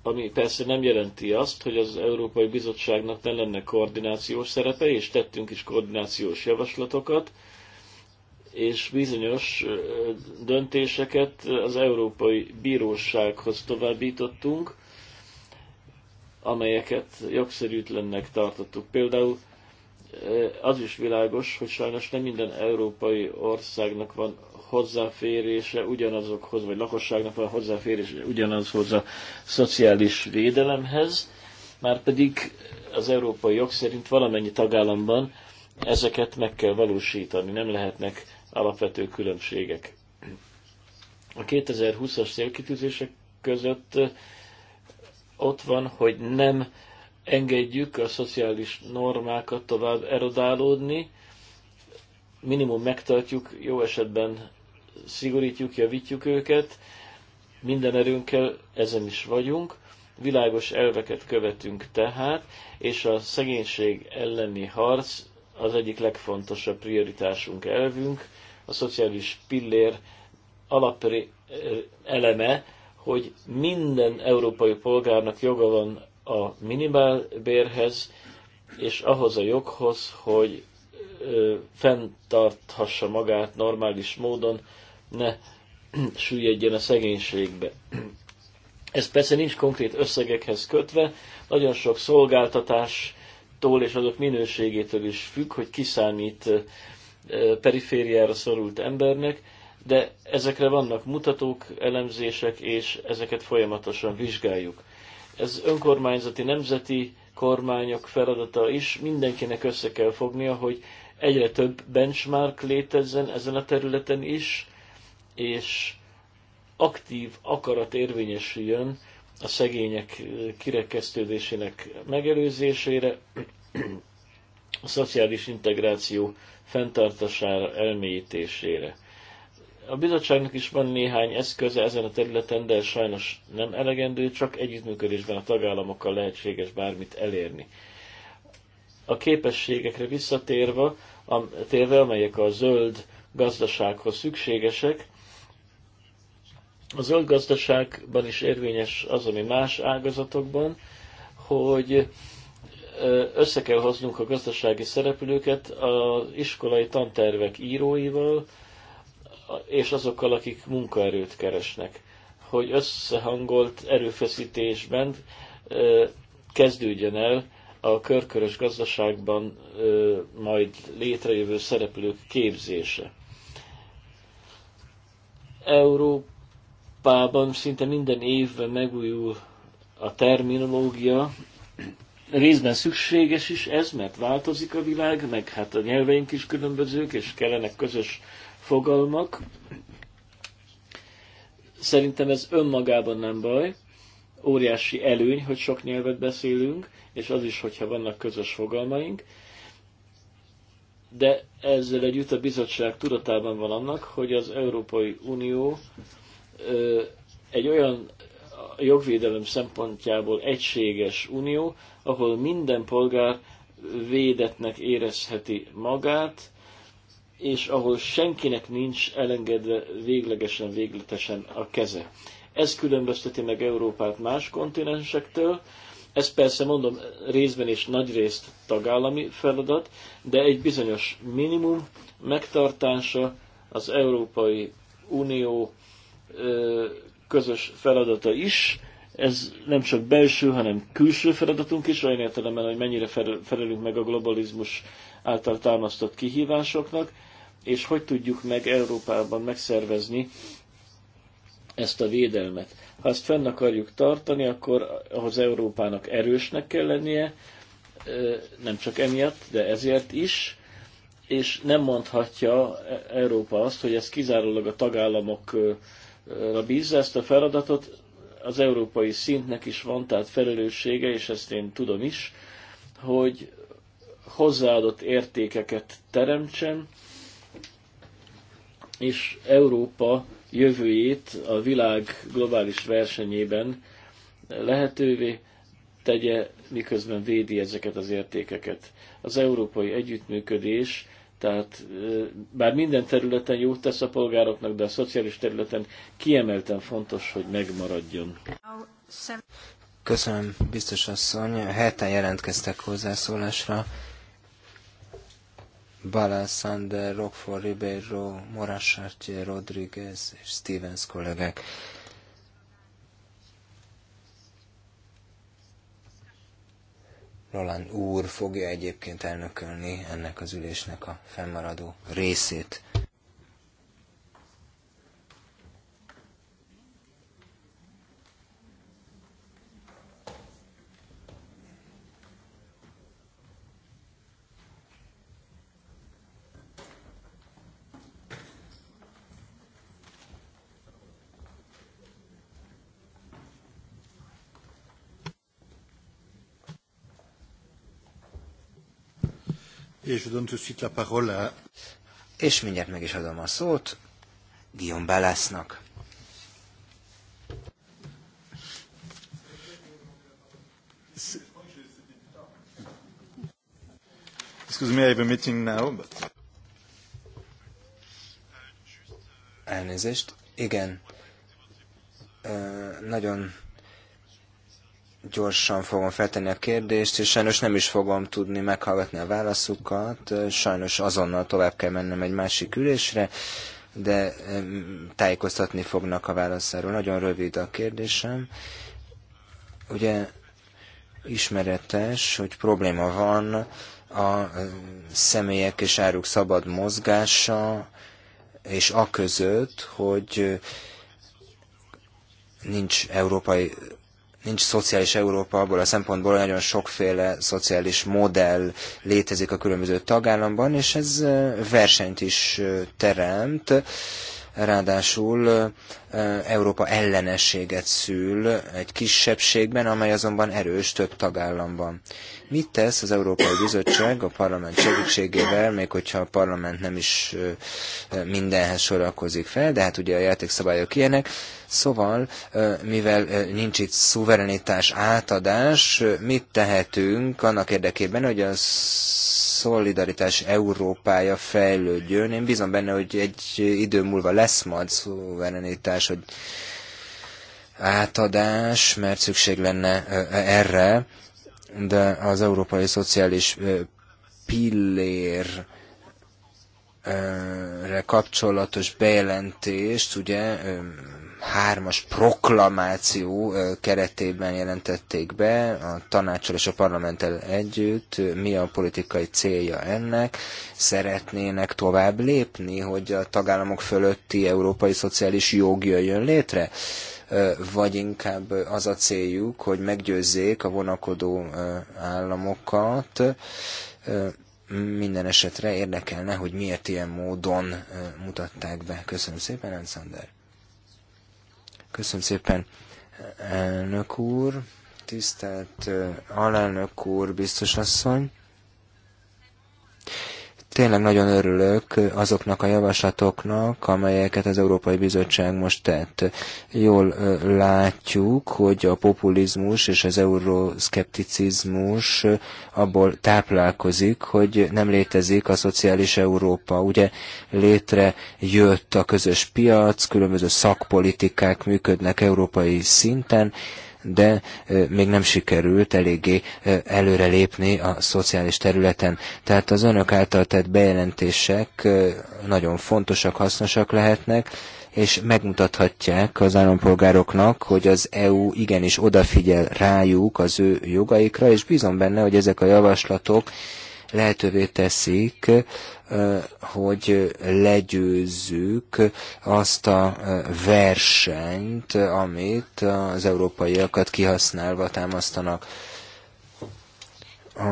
Speaker 3: ami persze nem jelenti azt, hogy az Európai Bizottságnak ne lenne koordinációs szerepe, és tettünk is koordinációs javaslatokat, és bizonyos döntéseket az Európai Bírósághoz továbbítottunk, amelyeket jogszerűtlennek tartottuk. Például Eh, az is világos, hogy sajnos nem minden európai országnak van hozzáférése ugyanazokhoz, vagy lakosságnak van hozzáférése ugyanazhoz a szociális védelemhez, már pedig az európai jog szerint valamennyi tagállamban ezeket meg kell valósítani, nem lehetnek alapvető különbségek. A 2020-as célkitűzések között ott van, hogy nem engedjük a szociális normákat tovább erodálódni, minimum megtartjuk, jó esetben szigorítjuk, javítjuk őket, minden erőnkkel ezen is vagyunk, világos elveket követünk tehát, és a szegénység elleni harc az egyik legfontosabb prioritásunk elvünk, a szociális pillér alap eleme, hogy minden európai polgárnak joga van a minimálbérhez, és ahhoz a joghoz, hogy ö, fenntarthassa magát normális módon, ne süllyedjen a szegénységbe. Ez persze nincs konkrét összegekhez kötve, nagyon sok szolgáltatástól és azok minőségétől is függ, hogy kiszámít perifériára szorult embernek, de ezekre vannak mutatók, elemzések, és ezeket folyamatosan vizsgáljuk ez önkormányzati, nemzeti kormányok feladata is, mindenkinek össze kell fognia, hogy egyre több benchmark létezzen ezen a területen is, és aktív akarat érvényesüljön a szegények kirekesztődésének megelőzésére, a szociális integráció fenntartására, elmélyítésére. A bizottságnak is van néhány eszköze ezen a területen, de sajnos nem elegendő, csak együttműködésben a tagállamokkal lehetséges bármit elérni. A képességekre visszatérve, a, térve, amelyek a zöld gazdasághoz szükségesek, a zöld gazdaságban is érvényes az, ami más ágazatokban, hogy össze kell hoznunk a gazdasági szereplőket az iskolai tantervek íróival, és azokkal, akik munkaerőt keresnek, hogy összehangolt erőfeszítésben kezdődjön el a körkörös gazdaságban majd létrejövő szereplők képzése. Európában szinte minden évben megújul a terminológia, részben szükséges is ez, mert változik a világ, meg hát a nyelveink is különbözők, és kellenek közös fogalmak. Szerintem ez önmagában nem baj. Óriási előny, hogy sok nyelvet beszélünk, és az is, hogyha vannak közös fogalmaink. De ezzel együtt a bizottság tudatában van annak, hogy az Európai Unió egy olyan jogvédelem szempontjából egységes unió, ahol minden polgár védetnek érezheti magát, és ahol senkinek nincs elengedve véglegesen, végletesen a keze. Ez különbözteti meg Európát más kontinensektől, ez persze mondom részben és nagy részt tagállami feladat, de egy bizonyos minimum megtartása az Európai Unió közös feladata is. Ez nem csak belső, hanem külső feladatunk is, olyan értelemben, hogy mennyire felelünk meg a globalizmus által támasztott kihívásoknak és hogy tudjuk meg Európában megszervezni ezt a védelmet. Ha ezt fenn akarjuk tartani, akkor az Európának erősnek kell lennie, nem csak emiatt, de ezért is, és nem mondhatja Európa azt, hogy ez kizárólag a tagállamokra bízza ezt a feladatot, az európai szintnek is van tehát felelőssége, és ezt én tudom is, hogy hozzáadott értékeket teremtsen, és Európa jövőjét a világ globális versenyében lehetővé tegye, miközben védi ezeket az értékeket. Az európai együttműködés, tehát bár minden területen jót tesz a polgároknak, de a szociális területen kiemelten fontos, hogy megmaradjon.
Speaker 2: Köszönöm, biztos asszony. Heten jelentkeztek hozzászólásra. Bala, Sander, Rockford, Ribeiro, Moras Rodriguez és Stevens kollégák. Roland úr fogja egyébként elnökölni ennek az ülésnek a fennmaradó részét. És, je donne És mindjárt meg is adom a szót Guillaume Balasznak. Excuse me, I have a meeting now, but... Elnézést. Igen. nagyon gyorsan fogom feltenni a kérdést, és sajnos nem is fogom tudni meghallgatni a válaszukat, sajnos azonnal tovább kell mennem egy másik ülésre, de tájékoztatni fognak a válaszáról. Nagyon rövid a kérdésem. Ugye ismeretes, hogy probléma van a személyek és áruk szabad mozgása, és a között, hogy nincs európai nincs szociális Európa abból a szempontból, nagyon sokféle szociális modell létezik a különböző tagállamban, és ez versenyt is teremt. Ráadásul Európa ellenességet szül egy kisebbségben, amely azonban erős több tagállamban. Mit tesz az Európai Bizottság a parlament segítségével, még hogyha a parlament nem is mindenhez sorakozik fel, de hát ugye a játékszabályok ilyenek, Szóval, mivel nincs itt szuverenitás átadás, mit tehetünk annak érdekében, hogy a szolidaritás Európája fejlődjön? Én bízom benne, hogy egy idő múlva lesz majd szuverenitás esetleges, hogy átadás, mert szükség lenne erre, de az európai szociális pillérre kapcsolatos bejelentést ugye hármas proklamáció keretében jelentették be a tanácsal és a parlamenttel együtt, mi a politikai célja ennek, szeretnének tovább lépni, hogy a tagállamok fölötti európai szociális jog jöjjön létre, vagy inkább az a céljuk, hogy meggyőzzék a vonakodó államokat, minden esetre érdekelne, hogy miért ilyen módon mutatták be. Köszönöm szépen, Ansander. Köszönöm szépen, elnök úr, tisztelt alelnök úr, biztos asszony. Tényleg nagyon örülök azoknak a javaslatoknak, amelyeket az Európai Bizottság most tett. Jól látjuk, hogy a populizmus és az euroszkepticizmus abból táplálkozik, hogy nem létezik a szociális Európa. Ugye létre jött a közös piac, különböző szakpolitikák működnek európai szinten, de még nem sikerült eléggé előrelépni a szociális területen. Tehát az önök által tett bejelentések nagyon fontosak, hasznosak lehetnek, és megmutathatják az állampolgároknak, hogy az EU igenis odafigyel rájuk az ő jogaikra, és bízom benne, hogy ezek a javaslatok lehetővé teszik, hogy legyőzzük azt a versenyt, amit az európaiakat kihasználva támasztanak. A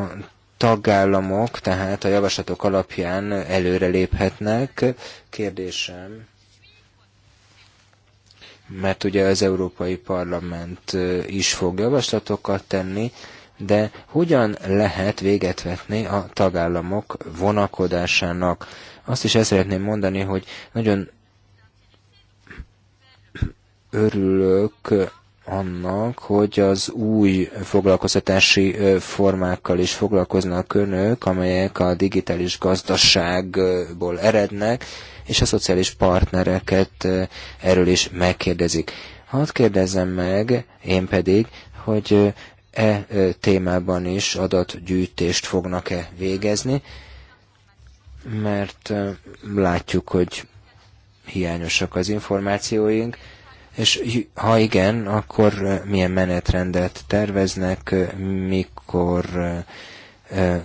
Speaker 2: tagállamok tehát a javaslatok alapján előre léphetnek. Kérdésem, mert ugye az Európai Parlament is fog javaslatokat tenni, de hogyan lehet véget vetni a tagállamok vonakodásának? Azt is ezt szeretném mondani, hogy nagyon örülök annak, hogy az új foglalkoztatási formákkal is foglalkoznak önök, amelyek a digitális gazdaságból erednek, és a szociális partnereket erről is megkérdezik. Hadd kérdezzem meg, én pedig, hogy E, e témában is adatgyűjtést fognak-e végezni, mert e, látjuk, hogy hiányosak az információink, és ha igen, akkor e, milyen menetrendet terveznek, mikor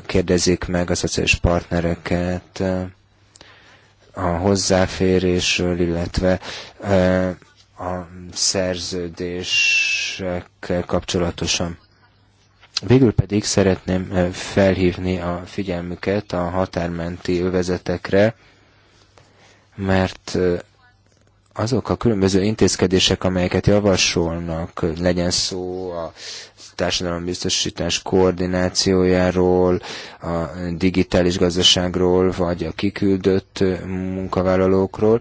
Speaker 2: kérdezik meg a szociális partnereket a hozzáférésről, illetve a szerződésekkel kapcsolatosan. Végül pedig szeretném eh, felhívni a figyelmüket a határmenti övezetekre, mert eh, azok a különböző intézkedések, amelyeket javasolnak, legyen szó a társadalombiztosítás koordinációjáról, a digitális gazdaságról, vagy a kiküldött eh, munkavállalókról,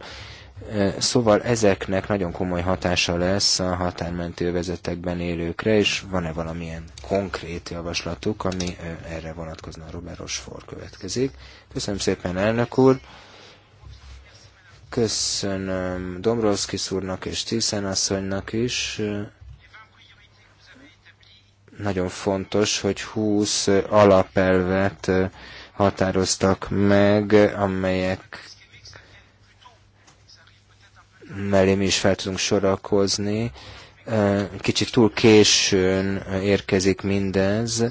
Speaker 2: E, szóval ezeknek nagyon komoly hatása lesz a határmenti övezetekben élőkre, és van-e valamilyen konkrét javaslatuk, ami e, erre vonatkozna a Robert Rochefort következik. Köszönöm szépen, elnök úr! Köszönöm Dombrovszki úrnak és Tiszen asszonynak is. E, nagyon fontos, hogy 20 alapelvet határoztak meg, amelyek mellé mi is fel tudunk sorakozni. Kicsit túl későn érkezik mindez.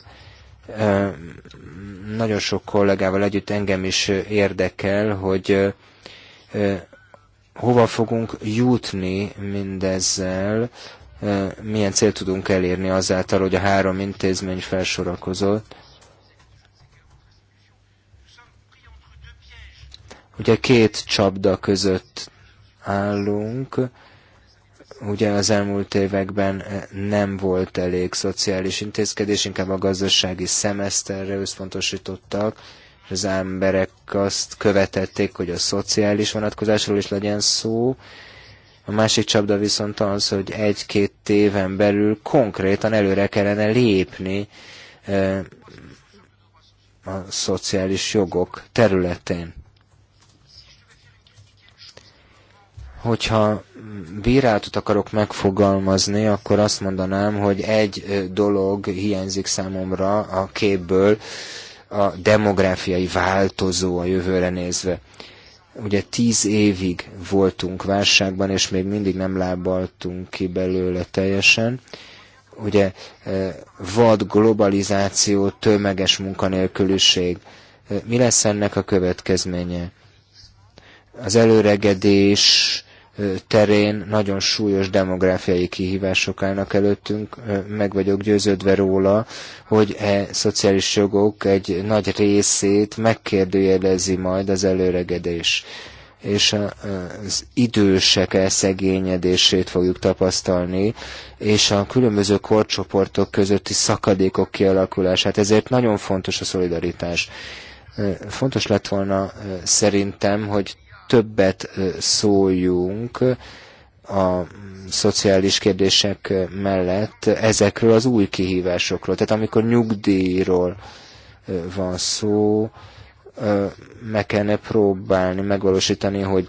Speaker 2: Nagyon sok kollégával együtt engem is érdekel, hogy hova fogunk jutni mindezzel, milyen cél tudunk elérni azáltal, hogy a három intézmény felsorakozott. Ugye két csapda között állunk. Ugye az elmúlt években nem volt elég szociális intézkedés, inkább a gazdasági szemeszterre összpontosítottak, és az emberek azt követették, hogy a szociális vonatkozásról is legyen szó. A másik csapda viszont az, hogy egy-két éven belül konkrétan előre kellene lépni eh, a szociális jogok területén. Hogyha bírálatot akarok megfogalmazni, akkor azt mondanám, hogy egy dolog hiányzik számomra a képből, a demográfiai változó a jövőre nézve. Ugye tíz évig voltunk válságban, és még mindig nem lábaltunk ki belőle teljesen ugye vad globalizáció, tömeges munkanélküliség. Mi lesz ennek a következménye? Az előregedés terén nagyon súlyos demográfiai kihívások állnak előttünk. Meg vagyok győződve róla, hogy e szociális jogok egy nagy részét megkérdőjelezi majd az előregedés és az idősek elszegényedését fogjuk tapasztalni, és a különböző korcsoportok közötti szakadékok kialakulását. Ezért nagyon fontos a szolidaritás. Fontos lett volna szerintem, hogy többet szóljunk a szociális kérdések mellett ezekről az új kihívásokról. Tehát amikor nyugdíjról van szó, meg kellene próbálni megvalósítani, hogy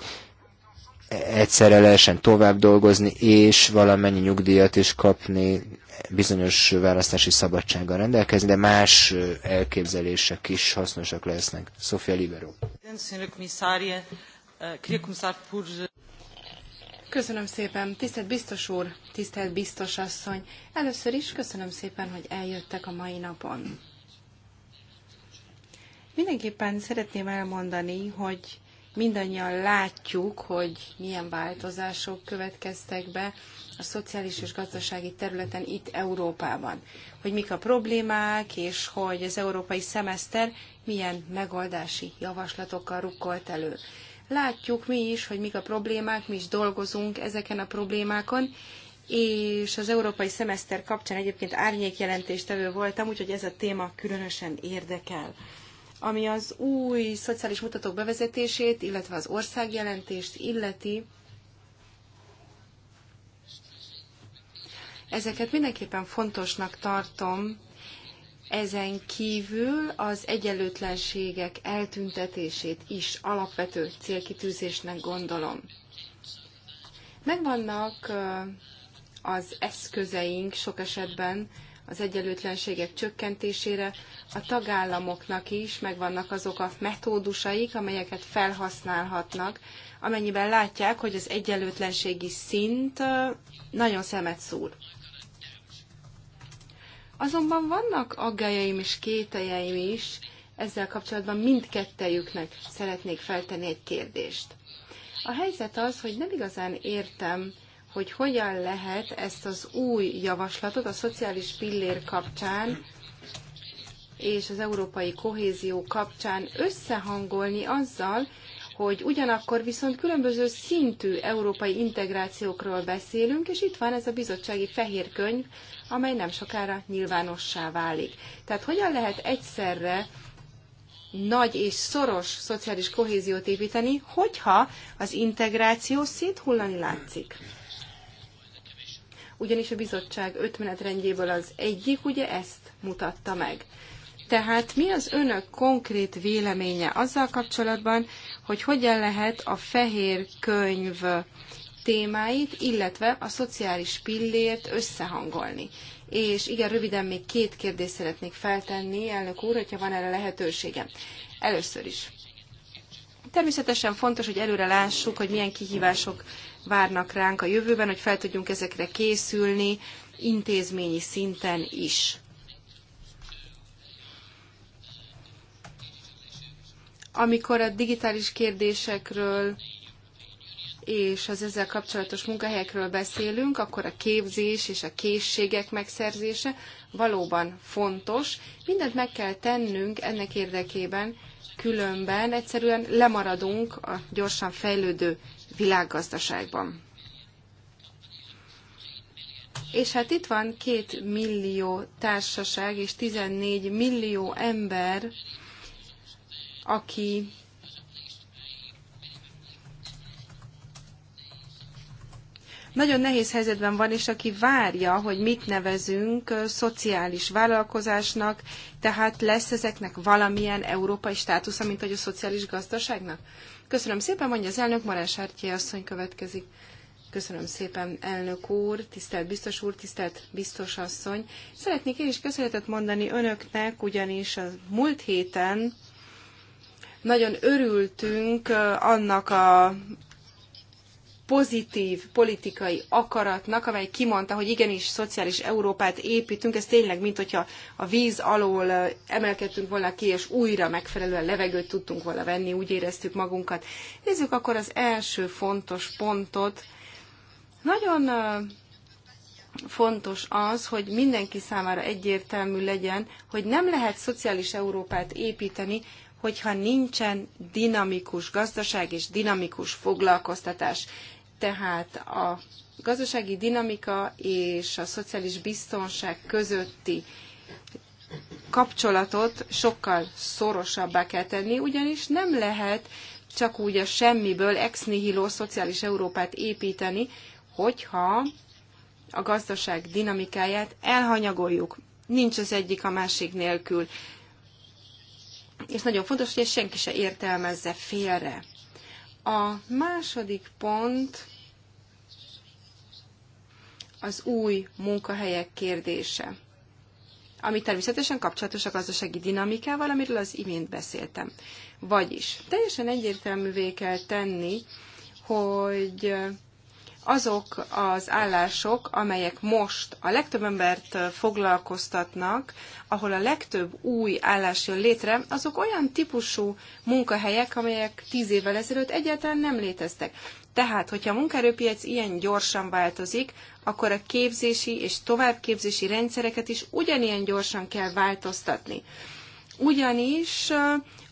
Speaker 2: egyszerre lehessen tovább dolgozni, és valamennyi nyugdíjat is kapni, bizonyos választási szabadsággal rendelkezni, de más elképzelések is hasznosak lesznek. Sofia Libero.
Speaker 3: Eh,
Speaker 1: köszönöm szépen, tisztelt biztos úr, tisztelt biztos asszony. Először is köszönöm szépen, hogy eljöttek a mai napon. Mindenképpen szeretném elmondani, hogy mindannyian látjuk, hogy milyen változások következtek be a szociális és gazdasági területen itt Európában. Hogy mik a problémák, és hogy az európai szemeszter milyen megoldási javaslatokkal rukkolt elő. Látjuk mi is, hogy mik a problémák, mi is dolgozunk ezeken a problémákon, és az európai szemeszter kapcsán egyébként árnyékjelentéstevő voltam, úgyhogy ez a téma különösen érdekel. Ami az új szociális mutatók bevezetését, illetve az országjelentést illeti, ezeket mindenképpen fontosnak tartom, ezen kívül az egyenlőtlenségek eltüntetését is alapvető célkitűzésnek gondolom. Megvannak az eszközeink sok esetben az egyenlőtlenségek csökkentésére, a tagállamoknak is megvannak azok a metódusaik, amelyeket felhasználhatnak, amennyiben látják, hogy az egyenlőtlenségi szint nagyon szemet szúr. Azonban vannak aggájaim és kételjeim is, ezzel kapcsolatban mindkettejüknek szeretnék feltenni egy kérdést. A helyzet az, hogy nem igazán értem, hogy hogyan lehet ezt az új javaslatot a szociális pillér kapcsán és az európai kohézió kapcsán összehangolni azzal, hogy ugyanakkor viszont különböző szintű európai integrációkról beszélünk, és itt van ez a bizottsági fehér könyv amely nem sokára nyilvánossá válik. Tehát hogyan lehet egyszerre nagy és szoros szociális kohéziót építeni, hogyha az integráció hullani látszik? Ugyanis a bizottság ötmenetrendjéből az egyik ugye ezt mutatta meg. Tehát mi az önök konkrét véleménye azzal kapcsolatban, hogy hogyan lehet a fehér könyv témáit, illetve a szociális pillért összehangolni. És igen, röviden még két kérdést szeretnék feltenni, elnök úr, hogyha van erre lehetőségem. Először is. Természetesen fontos, hogy előre lássuk, hogy milyen kihívások várnak ránk a jövőben, hogy fel tudjunk ezekre készülni intézményi szinten is. Amikor a digitális kérdésekről és az ezzel kapcsolatos munkahelyekről beszélünk, akkor a képzés és a készségek megszerzése valóban fontos. Mindent meg kell tennünk ennek érdekében, különben egyszerűen lemaradunk a gyorsan fejlődő világgazdaságban. És hát itt van két millió társaság és 14 millió ember, aki nagyon nehéz helyzetben van, és aki várja, hogy mit nevezünk szociális vállalkozásnak, tehát lesz ezeknek valamilyen európai státusza, mint hogy a szociális gazdaságnak? Köszönöm szépen, mondja az elnök, Marás Sártyi asszony következik. Köszönöm szépen, elnök úr, tisztelt biztos úr, tisztelt biztos asszony. Szeretnék én is köszönetet mondani önöknek, ugyanis a múlt héten nagyon örültünk annak a pozitív politikai akaratnak, amely kimondta, hogy igenis szociális Európát építünk, ez tényleg, mint hogyha a víz alól emelkedtünk volna ki, és újra megfelelően levegőt tudtunk volna venni, úgy éreztük magunkat. Nézzük akkor az első fontos pontot. Nagyon fontos az, hogy mindenki számára egyértelmű legyen, hogy nem lehet szociális Európát építeni, hogyha nincsen dinamikus gazdaság és dinamikus foglalkoztatás tehát a gazdasági dinamika és a szociális biztonság közötti kapcsolatot sokkal szorosabbá kell tenni, ugyanis nem lehet csak úgy a semmiből ex nihilo szociális Európát építeni, hogyha a gazdaság dinamikáját elhanyagoljuk. Nincs az egyik a másik nélkül. És nagyon fontos, hogy ezt senki se értelmezze félre. A második pont az új munkahelyek kérdése, ami természetesen kapcsolatos a gazdasági dinamikával, amiről az imént beszéltem. Vagyis teljesen egyértelművé kell tenni, hogy azok az állások, amelyek most a legtöbb embert foglalkoztatnak, ahol a legtöbb új állás jön létre, azok olyan típusú munkahelyek, amelyek tíz évvel ezelőtt egyáltalán nem léteztek. Tehát, hogyha a munkaerőpiac ilyen gyorsan változik, akkor a képzési és továbbképzési rendszereket is ugyanilyen gyorsan kell változtatni. Ugyanis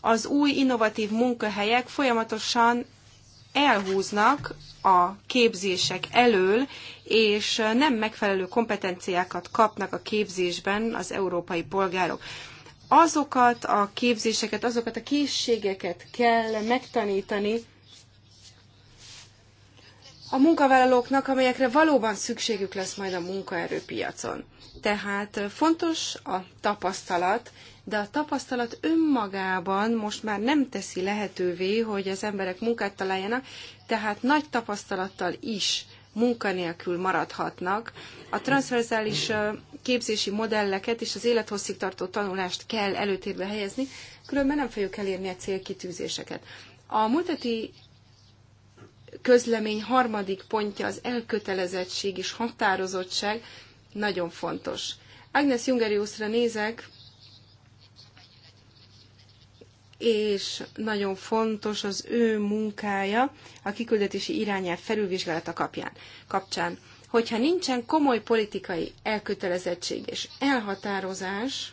Speaker 1: az új innovatív munkahelyek folyamatosan elhúznak a képzések elől, és nem megfelelő kompetenciákat kapnak a képzésben az európai polgárok. Azokat a képzéseket, azokat a készségeket kell megtanítani, a munkavállalóknak, amelyekre valóban szükségük lesz majd a munkaerőpiacon. Tehát fontos a tapasztalat, de a tapasztalat önmagában most már nem teszi lehetővé, hogy az emberek munkát találjanak, tehát nagy tapasztalattal is munkanélkül maradhatnak. A transzverzális képzési modelleket és az élethosszig tartó tanulást kell előtérbe helyezni, különben nem fogjuk elérni a célkitűzéseket. A múlteti közlemény harmadik pontja az elkötelezettség és határozottság nagyon fontos. Agnes Jungeriusra nézek, és nagyon fontos az ő munkája a kiküldetési irányelv felülvizsgálata kapján, kapcsán. Hogyha nincsen komoly politikai elkötelezettség és elhatározás,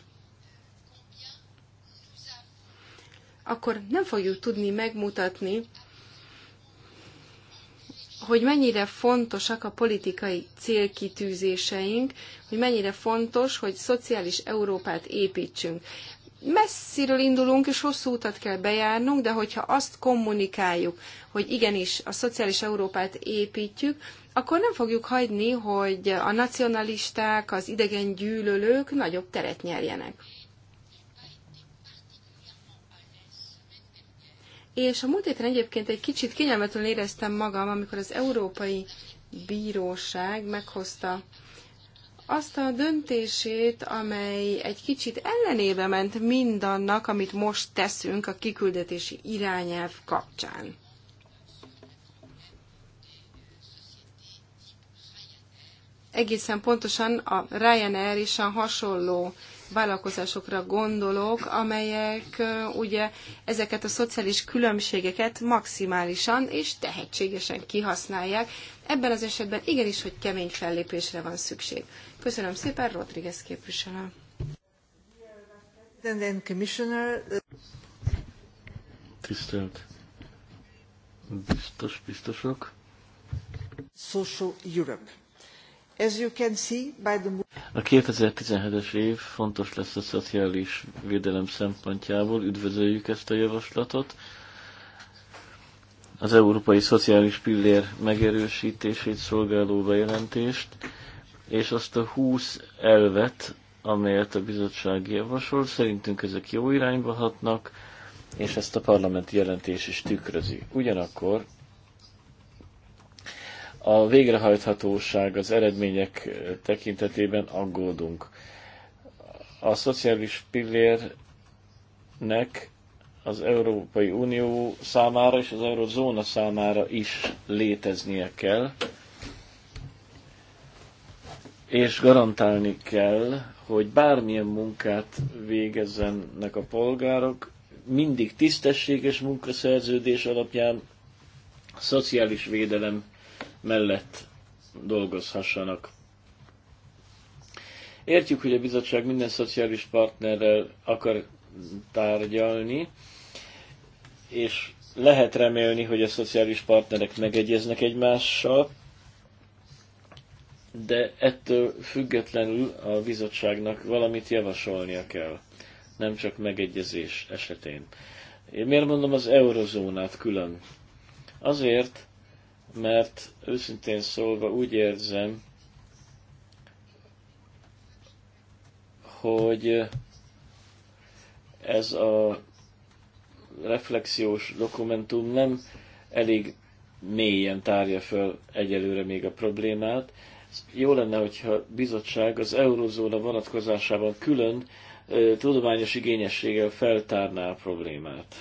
Speaker 1: akkor nem fogjuk tudni megmutatni, hogy mennyire fontosak a politikai célkitűzéseink, hogy mennyire fontos, hogy szociális Európát építsünk. Messziről indulunk, és hosszú utat kell bejárnunk, de hogyha azt kommunikáljuk, hogy igenis a szociális Európát építjük, akkor nem fogjuk hagyni, hogy a nacionalisták, az idegen gyűlölők nagyobb teret nyerjenek. És a múlt héten egyébként egy kicsit kényelmetlenül éreztem magam, amikor az Európai Bíróság meghozta azt a döntését, amely egy kicsit ellenébe ment mindannak, amit most teszünk a kiküldetési irányelv kapcsán. Egészen pontosan a Ryanair is a hasonló vállalkozásokra gondolok, amelyek ugye ezeket a szociális különbségeket maximálisan és tehetségesen kihasználják. Ebben az esetben igenis, hogy kemény fellépésre van szükség. Köszönöm szépen, Rodriguez képviselő. Uh,
Speaker 3: Tisztelt biztos, biztosok. Social Europe a 2017-es év fontos lesz a szociális védelem szempontjából, üdvözöljük ezt a javaslatot. Az Európai Szociális Pillér megerősítését szolgáló bejelentést, és azt a 20 elvet, amelyet a bizottság javasol, szerintünk ezek jó irányba hatnak, és ezt a parlamenti jelentés is tükrözi. Ugyanakkor a végrehajthatóság, az eredmények tekintetében aggódunk. A szociális pillérnek az Európai Unió számára és az Eurozóna számára is léteznie kell, és garantálni kell, hogy bármilyen munkát végezzenek a polgárok, mindig tisztességes munkaszerződés alapján szociális védelem mellett dolgozhassanak. Értjük, hogy a bizottság minden szociális partnerrel akar tárgyalni, és lehet remélni, hogy a szociális partnerek megegyeznek egymással, de ettől függetlenül a bizottságnak valamit javasolnia kell, nem csak megegyezés esetén. Én miért mondom az eurozónát külön? Azért, mert őszintén szólva úgy érzem, hogy ez a reflexiós dokumentum nem elég mélyen tárja fel egyelőre még a problémát. Jó lenne, hogyha a bizottság az eurozóna vonatkozásában külön tudományos igényességgel feltárná a problémát.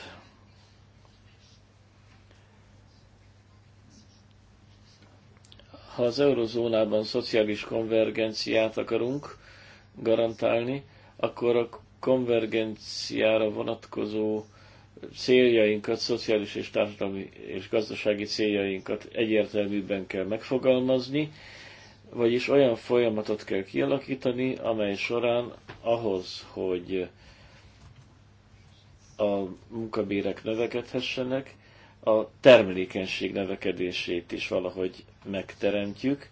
Speaker 3: Ha az eurozónában szociális konvergenciát akarunk garantálni, akkor a konvergenciára vonatkozó céljainkat, szociális és társadalmi és gazdasági céljainkat egyértelműbben kell megfogalmazni, vagyis olyan folyamatot kell kialakítani, amely során ahhoz, hogy a munkabérek növekedhessenek, a termelékenység növekedését is valahogy megteremtjük,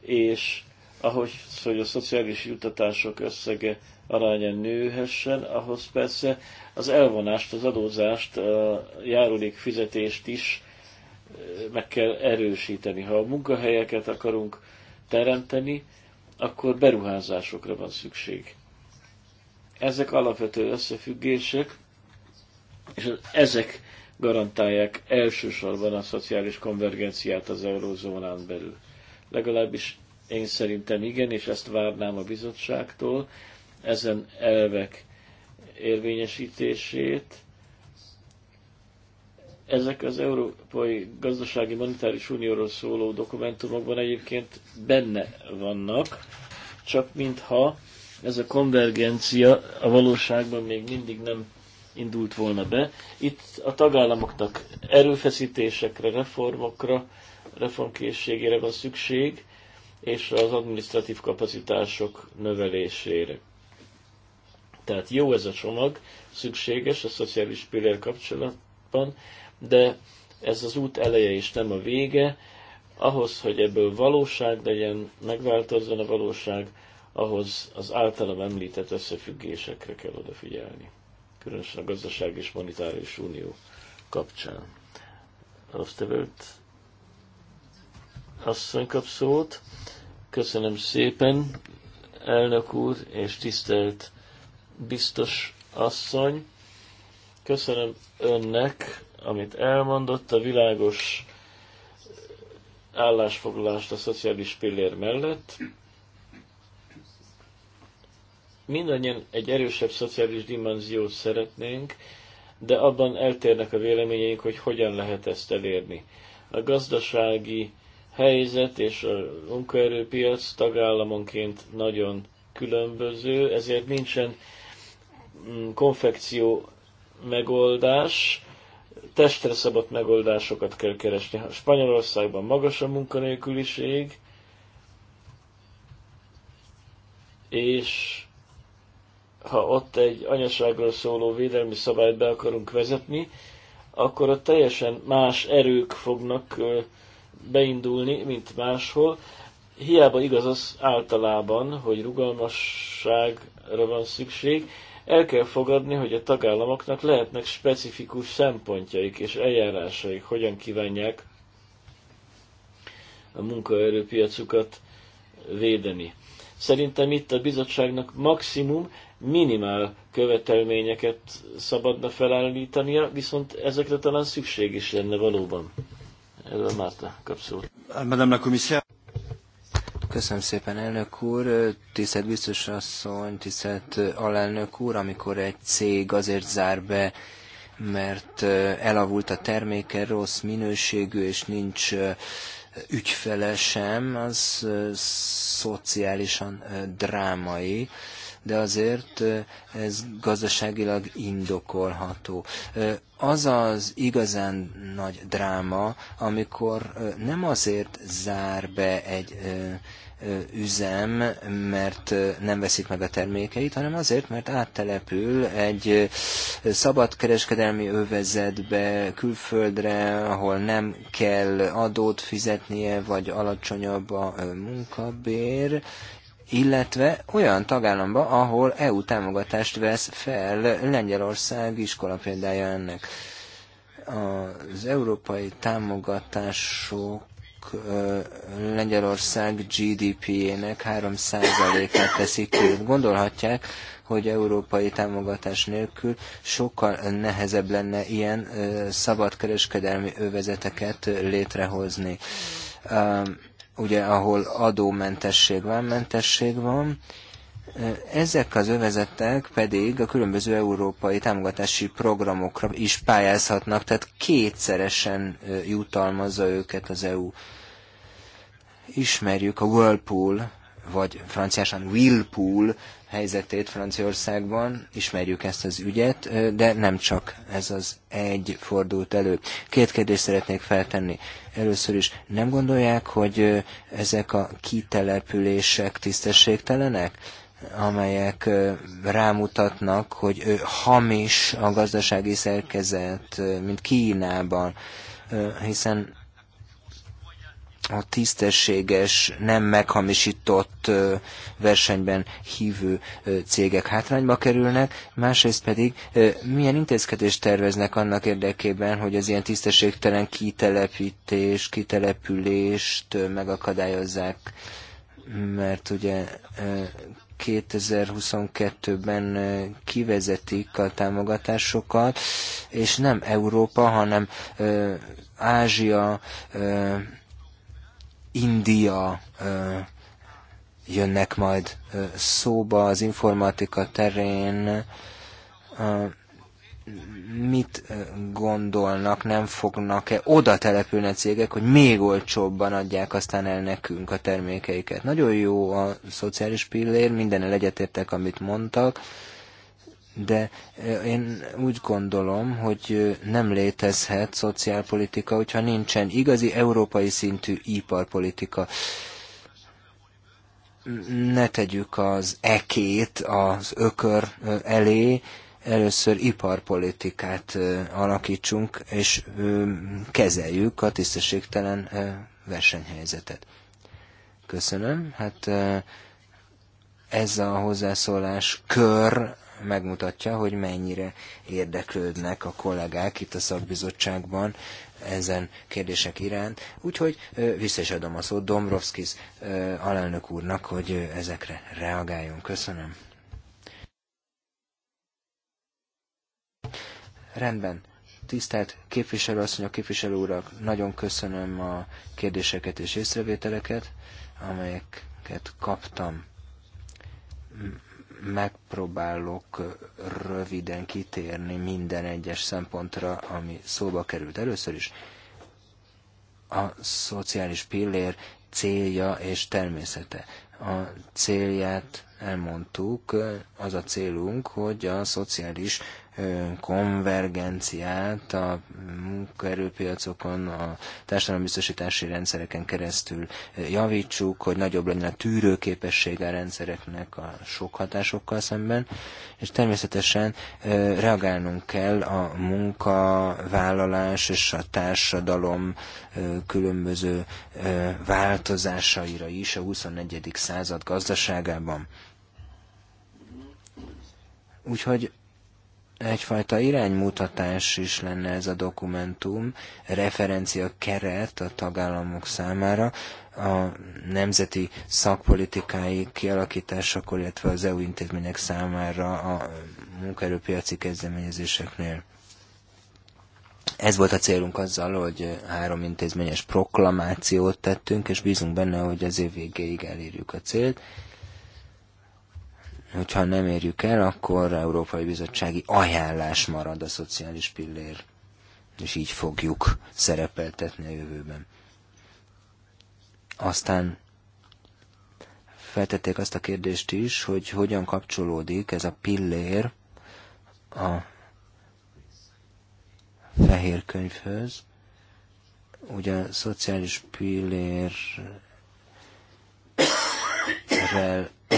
Speaker 3: és ahogy hogy a szociális jutatások összege aránya nőhessen, ahhoz persze az elvonást, az adózást, a járulék fizetést is meg kell erősíteni. Ha a munkahelyeket akarunk teremteni, akkor beruházásokra van szükség. Ezek alapvető összefüggések, és ezek garantálják elsősorban a szociális konvergenciát az eurózónán belül. Legalábbis én szerintem igen, és ezt várnám a bizottságtól, ezen elvek érvényesítését. Ezek az Európai Gazdasági Monetáris Unióról szóló dokumentumokban egyébként benne vannak, csak mintha ez a konvergencia a valóságban még mindig nem indult volna be. Itt a tagállamoknak erőfeszítésekre, reformokra, reformkészségére van szükség, és az administratív kapacitások növelésére. Tehát jó ez a csomag, szükséges a szociális pillér kapcsolatban, de ez az út eleje és nem a vége. Ahhoz, hogy ebből valóság legyen, megváltozzon a valóság, ahhoz az általam említett összefüggésekre kell odafigyelni különösen a gazdaság és monetáris unió kapcsán. Rosztevelt asszony kap szót. Köszönöm szépen, elnök úr és tisztelt biztos asszony. Köszönöm önnek, amit elmondott, a világos állásfoglalást a szociális pillér mellett mindannyian egy erősebb szociális dimenziót szeretnénk, de abban eltérnek a véleményeink, hogy hogyan lehet ezt elérni. A gazdasági helyzet és a munkaerőpiac tagállamonként nagyon különböző, ezért nincsen mm, konfekció megoldás, testre szabott megoldásokat kell keresni. A Spanyolországban magas a munkanélküliség, és ha ott egy anyaságról szóló védelmi szabályt be akarunk vezetni, akkor ott teljesen más erők fognak beindulni, mint máshol. Hiába igaz az általában, hogy rugalmasságra van szükség, el kell fogadni, hogy a tagállamoknak lehetnek specifikus szempontjaik és eljárásaik, hogyan kívánják a munkaerőpiacukat védeni. Szerintem itt a bizottságnak maximum minimál követelményeket szabadna felállítania, viszont ezekre talán szükség is lenne valóban. Erről Márta kapszul.
Speaker 2: Madame la Köszönöm szépen, elnök úr. Tisztelt biztos asszony, tisztelt alelnök úr, amikor egy cég azért zár be, mert elavult a terméke, rossz minőségű, és nincs ügyfele sem, az szociálisan drámai de azért ez gazdaságilag indokolható. Az az igazán nagy dráma, amikor nem azért zár be egy üzem, mert nem veszik meg a termékeit, hanem azért, mert áttelepül egy szabadkereskedelmi övezetbe, külföldre, ahol nem kell adót fizetnie, vagy alacsonyabb a munkabér, illetve olyan tagállamba, ahol EU támogatást vesz fel, Lengyelország iskola példája ennek. Az európai támogatások Lengyelország GDP-ének 3%-át teszik ki. Gondolhatják, hogy európai támogatás nélkül sokkal nehezebb lenne ilyen szabadkereskedelmi övezeteket létrehozni. Um, ugye ahol adómentesség, van, mentesség van, ezek az övezetek pedig a különböző európai támogatási programokra is pályázhatnak, tehát kétszeresen jutalmazza őket az EU. Ismerjük a Whirlpool, vagy franciásan Whirlpool helyzetét Franciaországban, ismerjük ezt az ügyet, de nem csak ez az egy fordult elő. Két kérdést szeretnék feltenni. Először is, nem gondolják, hogy ezek a kitelepülések tisztességtelenek? amelyek rámutatnak, hogy hamis a gazdasági szerkezet, mint Kínában, hiszen a tisztességes, nem meghamisított versenyben hívő cégek hátrányba kerülnek, másrészt pedig milyen intézkedést terveznek annak érdekében, hogy az ilyen tisztességtelen kitelepítés, kitelepülést megakadályozzák, mert ugye 2022-ben kivezetik a támogatásokat, és nem Európa, hanem Ázsia, India jönnek majd szóba az informatika terén. Mit gondolnak, nem fognak-e oda települni a cégek, hogy még olcsóbban adják aztán el nekünk a termékeiket? Nagyon jó a szociális pillér, minden egyetértek, amit mondtak de én úgy gondolom, hogy nem létezhet szociálpolitika, hogyha nincsen igazi európai szintű iparpolitika. Ne tegyük az ekét az ökör elé, először iparpolitikát alakítsunk, és kezeljük a tisztességtelen versenyhelyzetet. Köszönöm. Hát ez a hozzászólás kör megmutatja, hogy mennyire érdeklődnek a kollégák itt a szakbizottságban ezen kérdések iránt. Úgyhogy vissza is adom a szót Dombrovskis alelnök úrnak, hogy ezekre reagáljon. Köszönöm. Rendben. Tisztelt képviselőasszonyok, képviselő urak, nagyon köszönöm a kérdéseket és észrevételeket, amelyeket kaptam megpróbálok röviden kitérni minden egyes szempontra, ami szóba került. Először is a szociális pillér célja és természete. A célját elmondtuk, az a célunk, hogy a szociális konvergenciát a munkaerőpiacokon, a társadalombiztosítási rendszereken keresztül javítsuk, hogy nagyobb legyen a tűrőképesség a rendszereknek a sok hatásokkal szemben, és természetesen reagálnunk kell a munkavállalás és a társadalom különböző változásaira is a 21. század gazdaságában. Úgyhogy egyfajta iránymutatás is lenne ez a dokumentum, referencia keret a tagállamok számára a nemzeti szakpolitikai kialakításakor, illetve az EU intézmények számára a munkaerőpiaci kezdeményezéseknél. Ez volt a célunk azzal, hogy három intézményes proklamációt tettünk, és bízunk benne, hogy az év végéig elérjük a célt. Hogyha nem érjük el, akkor Európai Bizottsági ajánlás marad a szociális pillér, és így fogjuk szerepeltetni a jövőben. Aztán feltették azt a kérdést is, hogy hogyan kapcsolódik ez a pillér a fehér könyvhöz. Ugye a szociális pillérrel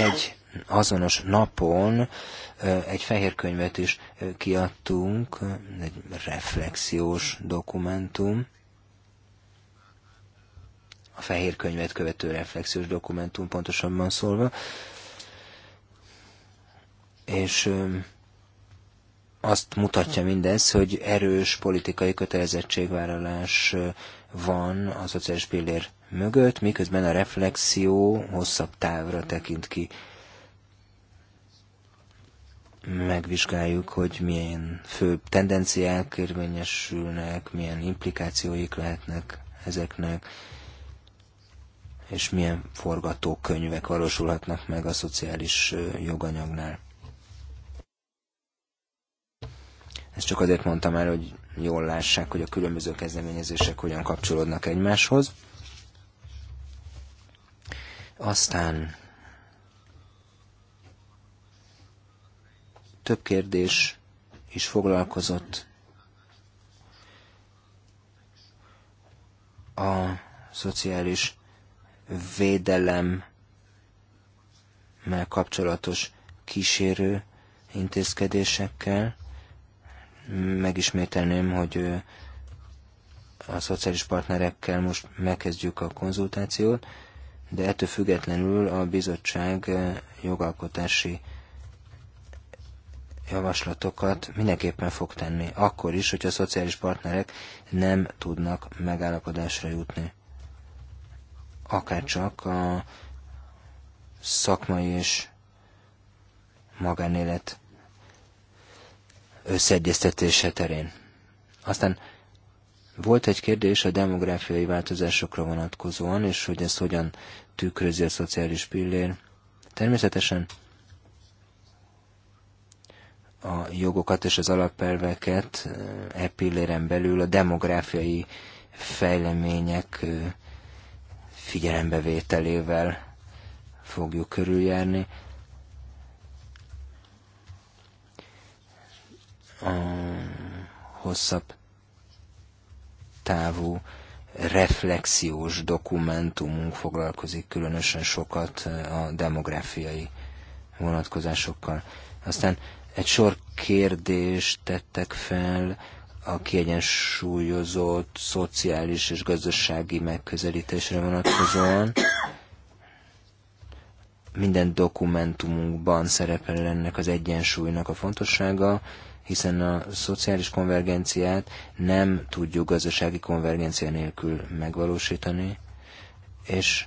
Speaker 2: egy azonos napon egy fehér könyvet is kiadtunk, egy reflexiós dokumentum, a fehér könyvet követő reflexiós dokumentum pontosabban szólva, és azt mutatja mindez, hogy erős politikai kötelezettségvállalás van a szociális pillér mögött, miközben a reflexió hosszabb távra tekint ki. Megvizsgáljuk, hogy milyen fő tendenciák érvényesülnek, milyen implikációik lehetnek ezeknek, és milyen forgatókönyvek valósulhatnak meg a szociális joganyagnál. Ezt csak azért mondtam el, hogy jól lássák, hogy a különböző kezdeményezések hogyan kapcsolódnak egymáshoz. Aztán több kérdés is foglalkozott a szociális védelemmel kapcsolatos kísérő intézkedésekkel. Megismételném, hogy a szociális partnerekkel most megkezdjük a konzultációt, de ettől függetlenül a bizottság jogalkotási javaslatokat mindenképpen fog tenni, akkor is, hogy a szociális partnerek nem tudnak megállapodásra jutni. Akárcsak a szakmai és magánélet összeegyeztetése terén. Aztán volt egy kérdés a demográfiai változásokra vonatkozóan, és hogy ez hogyan tükrözi a szociális pillér. Természetesen a jogokat és az alapelveket eh, e pilléren belül a demográfiai fejlemények eh, figyelembevételével fogjuk körüljárni. a hosszabb távú reflexiós dokumentumunk foglalkozik különösen sokat a demográfiai vonatkozásokkal. Aztán egy sor kérdést tettek fel a kiegyensúlyozott szociális és gazdasági megközelítésre vonatkozóan. Minden dokumentumunkban szerepel ennek az egyensúlynak a fontossága hiszen a szociális konvergenciát nem tudjuk gazdasági konvergencia nélkül megvalósítani, és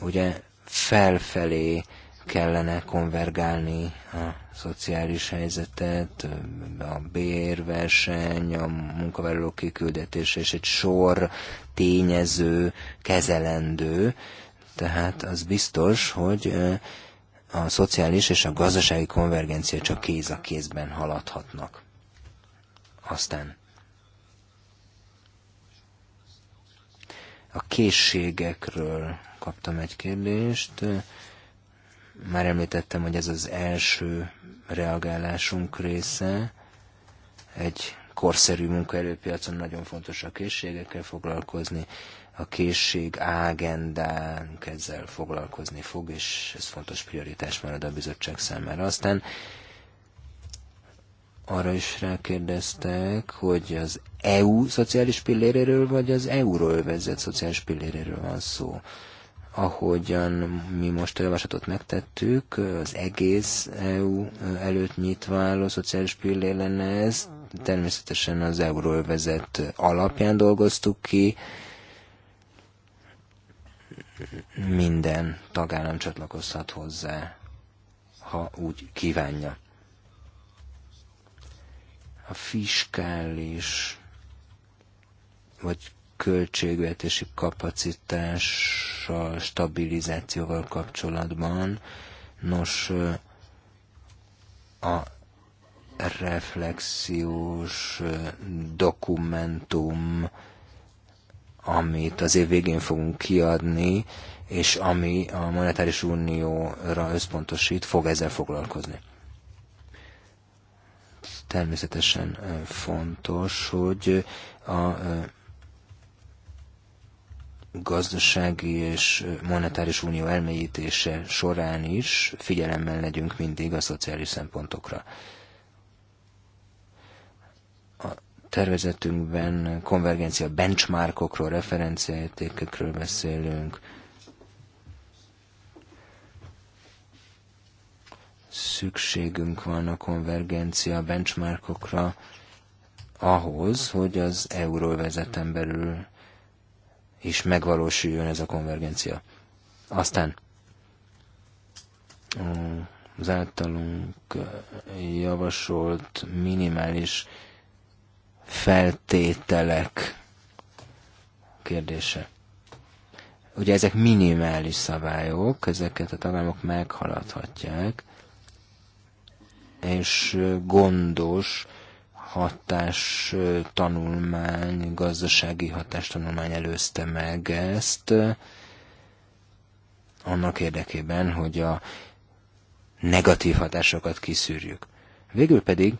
Speaker 2: ugye felfelé kellene konvergálni a szociális helyzetet, a bérverseny, a munkavállalók kiküldetése és egy sor tényező kezelendő, tehát az biztos, hogy a szociális és a gazdasági konvergencia csak kéz a kézben haladhatnak. Aztán a készségekről kaptam egy kérdést. Már említettem, hogy ez az első reagálásunk része. Egy korszerű munkaerőpiacon nagyon fontos a készségekkel foglalkozni a készség ágendánk ezzel foglalkozni fog, és ez fontos prioritás marad a bizottság számára. Aztán arra is rákérdeztek, hogy az EU szociális pilléréről, vagy az eu övezett szociális pilléréről van szó. Ahogyan mi most a javaslatot megtettük, az egész EU előtt nyitva álló szociális pillér lenne ez, természetesen az euróvezet alapján dolgoztuk ki, minden tagállam csatlakozhat hozzá, ha úgy kívánja. A fiskális vagy költségvetési kapacitással, stabilizációval kapcsolatban, nos, a reflexiós dokumentum amit az év végén fogunk kiadni, és ami a monetáris unióra összpontosít, fog ezzel foglalkozni. Természetesen fontos, hogy a gazdasági és monetáris unió elmélyítése során is figyelemmel legyünk mindig a szociális szempontokra. tervezetünkben konvergencia benchmarkokról, referenciaértékekről beszélünk, szükségünk van a konvergencia benchmarkokra ahhoz, hogy az euróvezeten belül is megvalósuljon ez a konvergencia. Aztán az általunk javasolt minimális feltételek kérdése. Ugye ezek minimális szabályok, ezeket a tagállamok meghaladhatják, és gondos hatás tanulmány, gazdasági tanulmány előzte meg ezt, annak érdekében, hogy a negatív hatásokat kiszűrjük. Végül pedig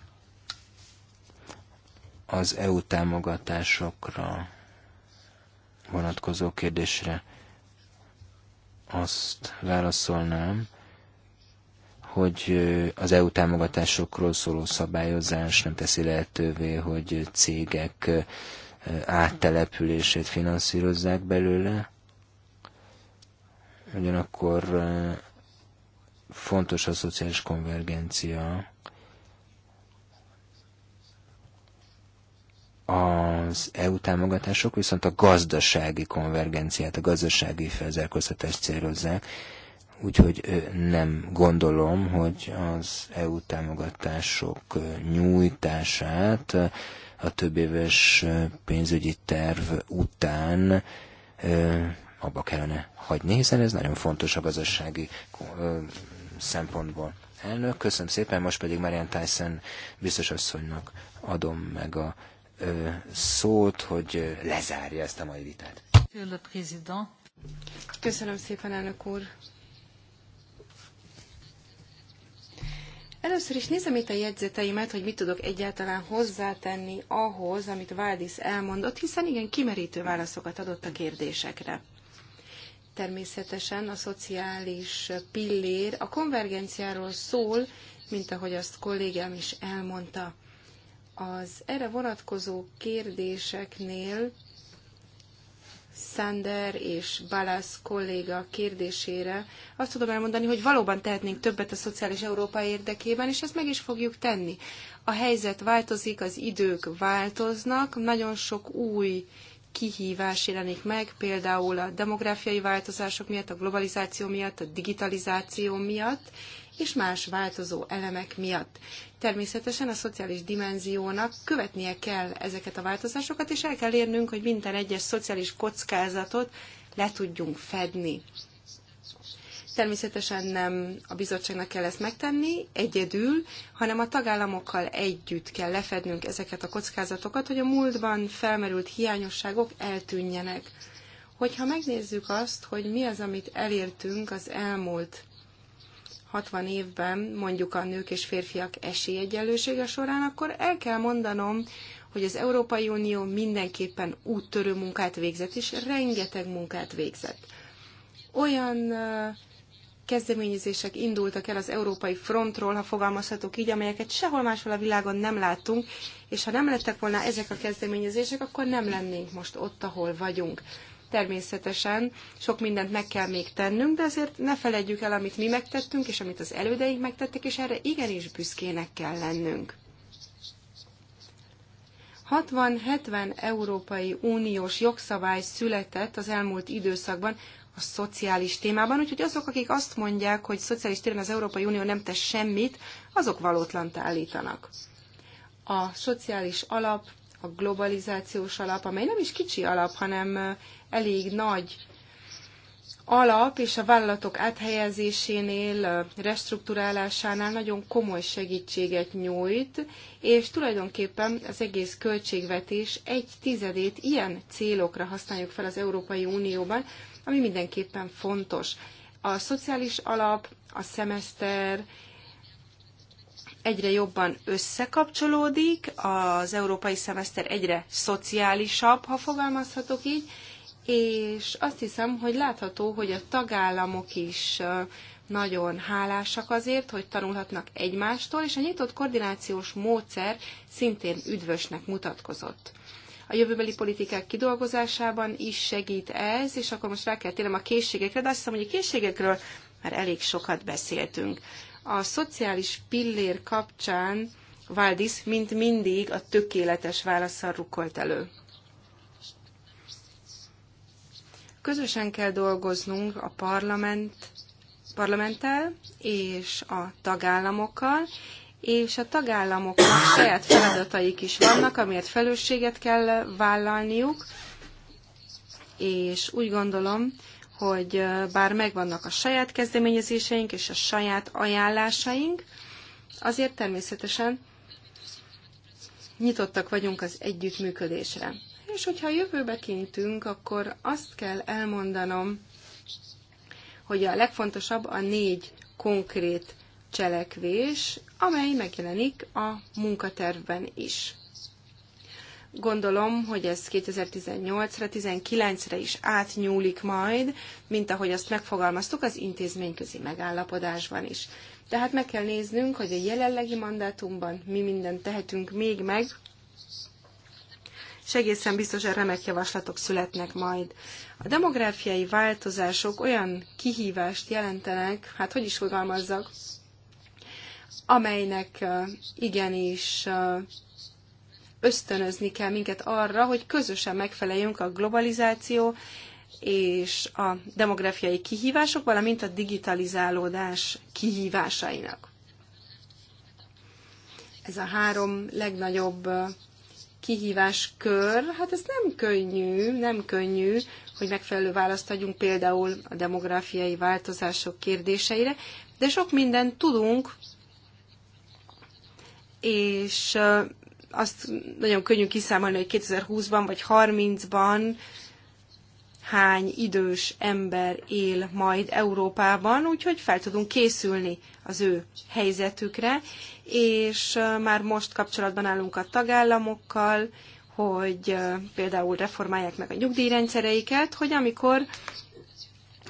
Speaker 2: az EU támogatásokra vonatkozó kérdésre azt válaszolnám, hogy az EU támogatásokról szóló szabályozás nem teszi lehetővé, hogy cégek áttelepülését finanszírozzák belőle. Ugyanakkor fontos a szociális konvergencia, az EU támogatások viszont a gazdasági konvergenciát, a gazdasági felzárkóztatást célozzák, úgyhogy nem gondolom, hogy az EU támogatások nyújtását a több éves pénzügyi terv után abba kellene hagyni, hiszen ez nagyon fontos a gazdasági szempontból. Elnök, köszönöm szépen, most pedig Marian Tyson biztos adom meg a szót, hogy lezárja ezt a mai vitát.
Speaker 1: Köszönöm szépen, elnök úr. Először is nézem itt a jegyzeteimet, hogy mit tudok egyáltalán hozzátenni ahhoz, amit Váldis elmondott, hiszen igen, kimerítő válaszokat adott a kérdésekre. Természetesen a szociális pillér a konvergenciáról szól, mint ahogy azt kollégám is elmondta az erre vonatkozó kérdéseknél Sander és Balasz kolléga kérdésére azt tudom elmondani, hogy valóban tehetnénk többet a szociális Európa érdekében, és ezt meg is fogjuk tenni. A helyzet változik, az idők változnak, nagyon sok új kihívás jelenik meg, például a demográfiai változások miatt, a globalizáció miatt, a digitalizáció miatt, és más változó elemek miatt. Természetesen a szociális dimenziónak követnie kell ezeket a változásokat, és el kell érnünk, hogy minden egyes szociális kockázatot le tudjunk fedni. Természetesen nem a bizottságnak kell ezt megtenni egyedül, hanem a tagállamokkal együtt kell lefednünk ezeket a kockázatokat, hogy a múltban felmerült hiányosságok eltűnjenek. Hogyha megnézzük azt, hogy mi az, amit elértünk az elmúlt 60 évben mondjuk a nők és férfiak esélyegyenlősége során, akkor el kell mondanom, hogy az Európai Unió mindenképpen úttörő munkát végzett, és rengeteg munkát végzett. Olyan kezdeményezések indultak el az európai frontról, ha fogalmazhatok így, amelyeket sehol máshol a világon nem láttunk, és ha nem lettek volna ezek a kezdeményezések, akkor nem lennénk most ott, ahol vagyunk. Természetesen sok mindent meg kell még tennünk, de azért ne feledjük el, amit mi megtettünk, és amit az elődeink megtettek, és erre igenis büszkének kell lennünk. 60-70 Európai Uniós jogszabály született az elmúlt időszakban a szociális témában, úgyhogy azok, akik azt mondják, hogy szociális téren az Európai Unió nem tesz semmit, azok valótlant állítanak. A szociális alap, a globalizációs alap, amely nem is kicsi alap, hanem elég nagy alap, és a vállalatok áthelyezésénél, restruktúrálásánál nagyon komoly segítséget nyújt, és tulajdonképpen az egész költségvetés egy tizedét ilyen célokra használjuk fel az Európai Unióban, ami mindenképpen fontos. A szociális alap, a szemeszter, egyre jobban összekapcsolódik, az európai szemeszter egyre szociálisabb, ha fogalmazhatok így, és azt hiszem, hogy látható, hogy a tagállamok is nagyon hálásak azért, hogy tanulhatnak egymástól, és a nyitott koordinációs módszer szintén üdvösnek mutatkozott. A jövőbeli politikák kidolgozásában is segít ez, és akkor most rá kell térnem a készségekre, de azt hiszem, hogy a készségekről már elég sokat beszéltünk. A szociális pillér kapcsán Valdis, mint mindig, a tökéletes válaszsal rukkolt elő. Közösen kell dolgoznunk a parlament, parlamenttel és a tagállamokkal, és a tagállamoknak saját feladataik is vannak, amiért felelősséget kell vállalniuk, és úgy gondolom, hogy bár megvannak a saját kezdeményezéseink és a saját ajánlásaink, azért természetesen nyitottak vagyunk az együttműködésre. És hogyha a jövőbe kintünk, akkor azt kell elmondanom, hogy a legfontosabb a négy konkrét cselekvés, amely megjelenik a munkatervben is. Gondolom, hogy ez 2018-ra, 19-re is átnyúlik majd, mint ahogy azt megfogalmaztuk az intézményközi megállapodásban is. Tehát meg kell néznünk, hogy a jelenlegi mandátumban mi mindent tehetünk még meg és egészen biztosan remek javaslatok születnek majd. A demográfiai változások olyan kihívást jelentenek, hát hogy is fogalmazzak, amelynek igenis ösztönözni kell minket arra, hogy közösen megfeleljünk a globalizáció és a demográfiai kihívások, valamint a digitalizálódás kihívásainak. Ez a három legnagyobb kihívás kör, hát ez nem könnyű, nem könnyű, hogy megfelelő választ adjunk például a demográfiai változások kérdéseire, de sok mindent tudunk, és azt nagyon könnyű kiszámolni, hogy 2020-ban vagy 30-ban hány idős ember él majd Európában, úgyhogy fel tudunk készülni az ő helyzetükre, és már most kapcsolatban állunk a tagállamokkal, hogy például reformálják meg a nyugdíjrendszereiket, hogy amikor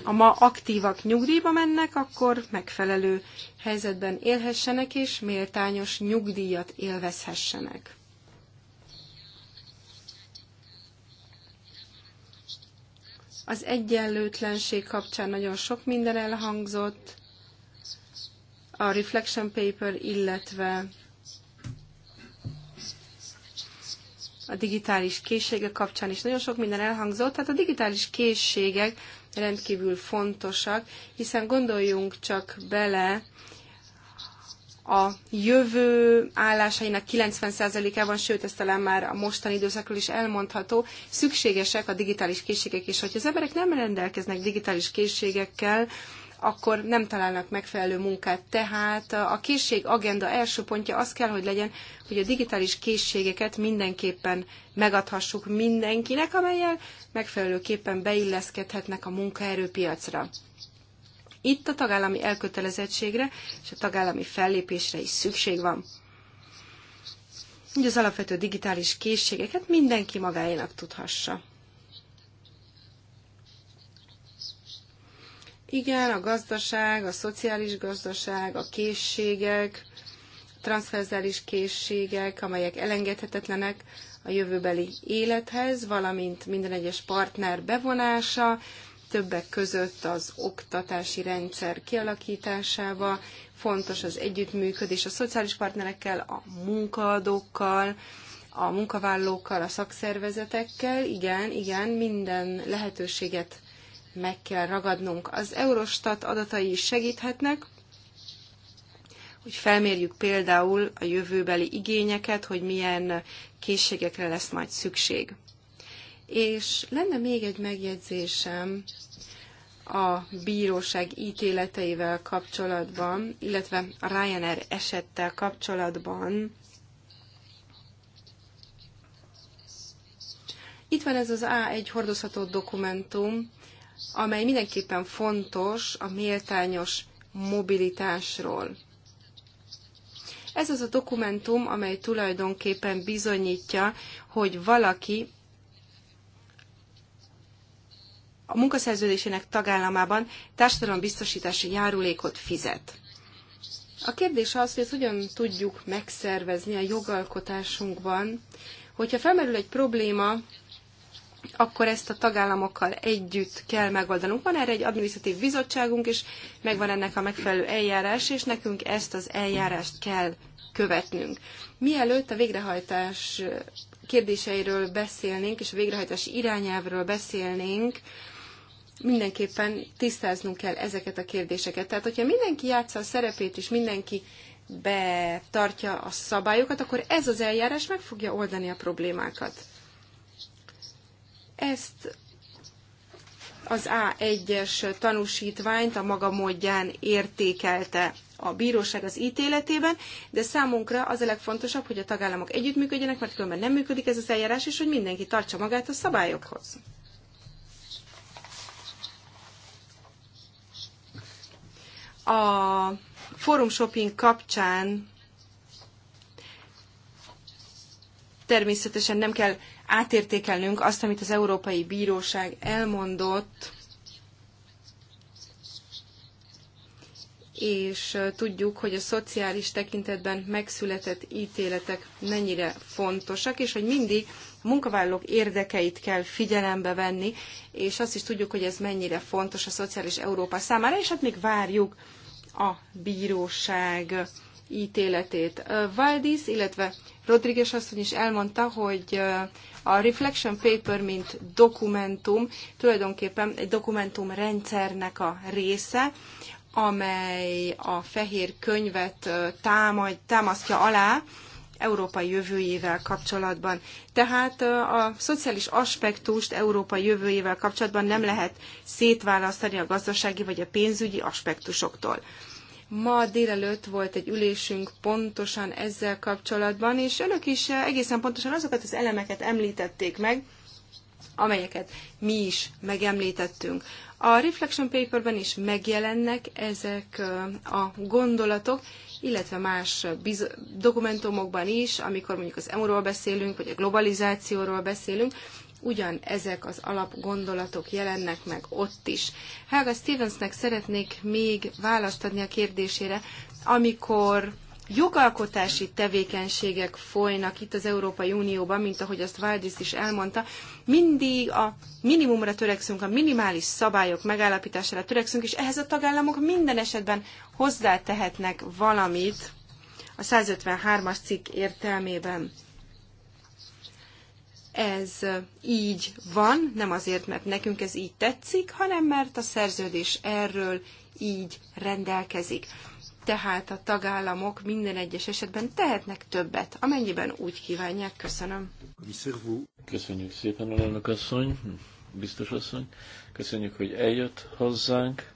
Speaker 1: a ma aktívak nyugdíjba mennek, akkor megfelelő helyzetben élhessenek és méltányos nyugdíjat élvezhessenek. Az egyenlőtlenség kapcsán nagyon sok minden elhangzott, a reflection paper, illetve a digitális készségek kapcsán is nagyon sok minden elhangzott, tehát a digitális készségek rendkívül fontosak, hiszen gondoljunk csak bele a jövő állásainak 90%-ában, sőt, ezt talán már a mostani időszakról is elmondható, szükségesek a digitális készségek is. Hogyha az emberek nem rendelkeznek digitális készségekkel, akkor nem találnak megfelelő munkát. Tehát a készség agenda első pontja az kell, hogy legyen, hogy a digitális készségeket mindenképpen megadhassuk mindenkinek, amelyel megfelelőképpen beilleszkedhetnek a munkaerőpiacra. Itt a tagállami elkötelezettségre és a tagállami fellépésre is szükség van. Így az alapvető digitális készségeket mindenki magáénak tudhassa. Igen, a gazdaság, a szociális gazdaság, a készségek, transzferzális készségek, amelyek elengedhetetlenek a jövőbeli élethez, valamint minden egyes partner bevonása, többek között az oktatási rendszer kialakításába, fontos az együttműködés a szociális partnerekkel, a munkaadókkal, a munkavállalókkal, a szakszervezetekkel. Igen, igen, minden lehetőséget meg kell ragadnunk. Az Eurostat adatai is segíthetnek, hogy felmérjük például a jövőbeli igényeket, hogy milyen készségekre lesz majd szükség. És lenne még egy megjegyzésem a bíróság ítéleteivel kapcsolatban, illetve a Ryanair esettel kapcsolatban. Itt van ez az A1 hordozható dokumentum, amely mindenképpen fontos a méltányos mobilitásról. Ez az a dokumentum, amely tulajdonképpen bizonyítja, hogy valaki a munkaszerződésének tagállamában társadalombiztosítási járulékot fizet. A kérdés az, hogy ezt hogyan tudjuk megszervezni a jogalkotásunkban, hogyha felmerül egy probléma, akkor ezt a tagállamokkal együtt kell megoldanunk. Van erre egy adminisztratív bizottságunk, és megvan ennek a megfelelő eljárás, és nekünk ezt az eljárást kell követnünk. Mielőtt a végrehajtás kérdéseiről beszélnénk, és a végrehajtás irányelvről beszélnénk, mindenképpen tisztáznunk kell ezeket a kérdéseket. Tehát, hogyha mindenki játsza a szerepét, és mindenki betartja a szabályokat, akkor ez az eljárás meg fogja oldani a problémákat. Ezt az A1-es tanúsítványt a maga módján értékelte a bíróság az ítéletében, de számunkra az a legfontosabb, hogy a tagállamok együttműködjenek, mert különben nem működik ez az eljárás, és hogy mindenki tartsa magát a szabályokhoz. a fórum shopping kapcsán természetesen nem kell átértékelnünk azt, amit az Európai Bíróság elmondott, és tudjuk, hogy a szociális tekintetben megszületett ítéletek mennyire fontosak, és hogy mindig munkavállalók érdekeit kell figyelembe venni, és azt is tudjuk, hogy ez mennyire fontos a szociális Európa számára, és hát még várjuk a bíróság ítéletét. Valdis, illetve Rodriguez asszony is elmondta, hogy a Reflection Paper, mint dokumentum, tulajdonképpen egy dokumentumrendszernek a része, amely a fehér könyvet támasztja alá, Európa jövőjével kapcsolatban. Tehát a szociális aspektust Európa jövőjével kapcsolatban nem lehet szétválasztani a gazdasági vagy a pénzügyi aspektusoktól. Ma délelőtt volt egy ülésünk pontosan ezzel kapcsolatban, és önök is egészen pontosan azokat az elemeket említették meg, amelyeket mi is megemlítettünk. A Reflection Paperben is megjelennek ezek a gondolatok, illetve más biz- dokumentumokban is, amikor mondjuk az EU-ról beszélünk, vagy a globalizációról beszélünk, ugyan ezek az alapgondolatok jelennek meg ott is. Helga Stevensnek szeretnék még választ adni a kérdésére, amikor jogalkotási tevékenységek folynak itt az Európai Unióban, mint ahogy azt Valdis is elmondta, mindig a minimumra törekszünk, a minimális szabályok megállapítására törekszünk, és ehhez a tagállamok minden esetben hozzátehetnek valamit a 153-as cikk értelmében ez így van, nem azért, mert nekünk ez így tetszik, hanem mert a szerződés erről így rendelkezik tehát a tagállamok minden egyes esetben tehetnek többet, amennyiben úgy kívánják. Köszönöm.
Speaker 3: Köszönjük szépen, alelnök asszony, biztos asszony. Köszönjük, hogy eljött hozzánk.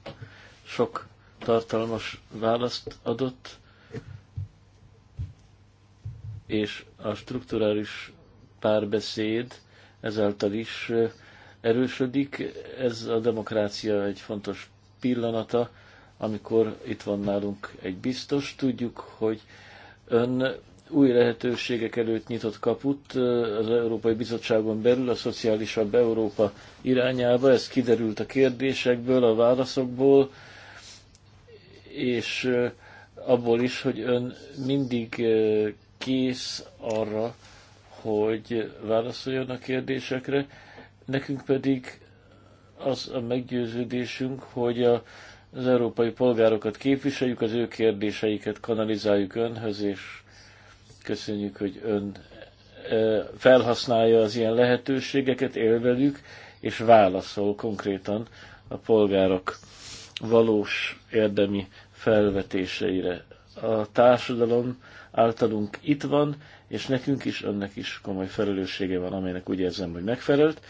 Speaker 3: Sok tartalmas választ adott, és a strukturális párbeszéd ezáltal is erősödik. Ez a demokrácia egy fontos pillanata amikor itt van nálunk egy biztos, tudjuk, hogy ön új lehetőségek előtt nyitott kaput az Európai Bizottságon belül a szociálisabb Európa irányába. Ez kiderült a kérdésekből, a válaszokból, és abból is, hogy ön mindig kész arra, hogy válaszoljon a kérdésekre. Nekünk pedig az a meggyőződésünk, hogy a az európai polgárokat képviseljük, az ő kérdéseiket kanalizáljuk önhöz, és köszönjük, hogy ön felhasználja az ilyen lehetőségeket, él velük, és válaszol konkrétan a polgárok valós érdemi felvetéseire. A társadalom általunk itt van, és nekünk is, önnek is komoly felelőssége van, amelynek úgy érzem, hogy megfelelt.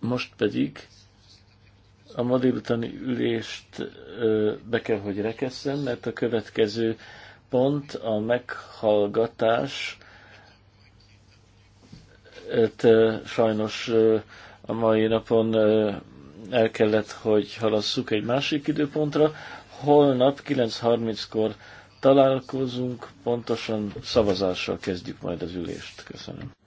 Speaker 3: Most pedig a ma délutáni ülést be kell, hogy rekesszem, mert a következő pont a meghallgatás sajnos a mai napon el kellett, hogy halasszuk egy másik időpontra. Holnap 9.30-kor találkozunk, pontosan szavazással kezdjük majd az ülést. Köszönöm.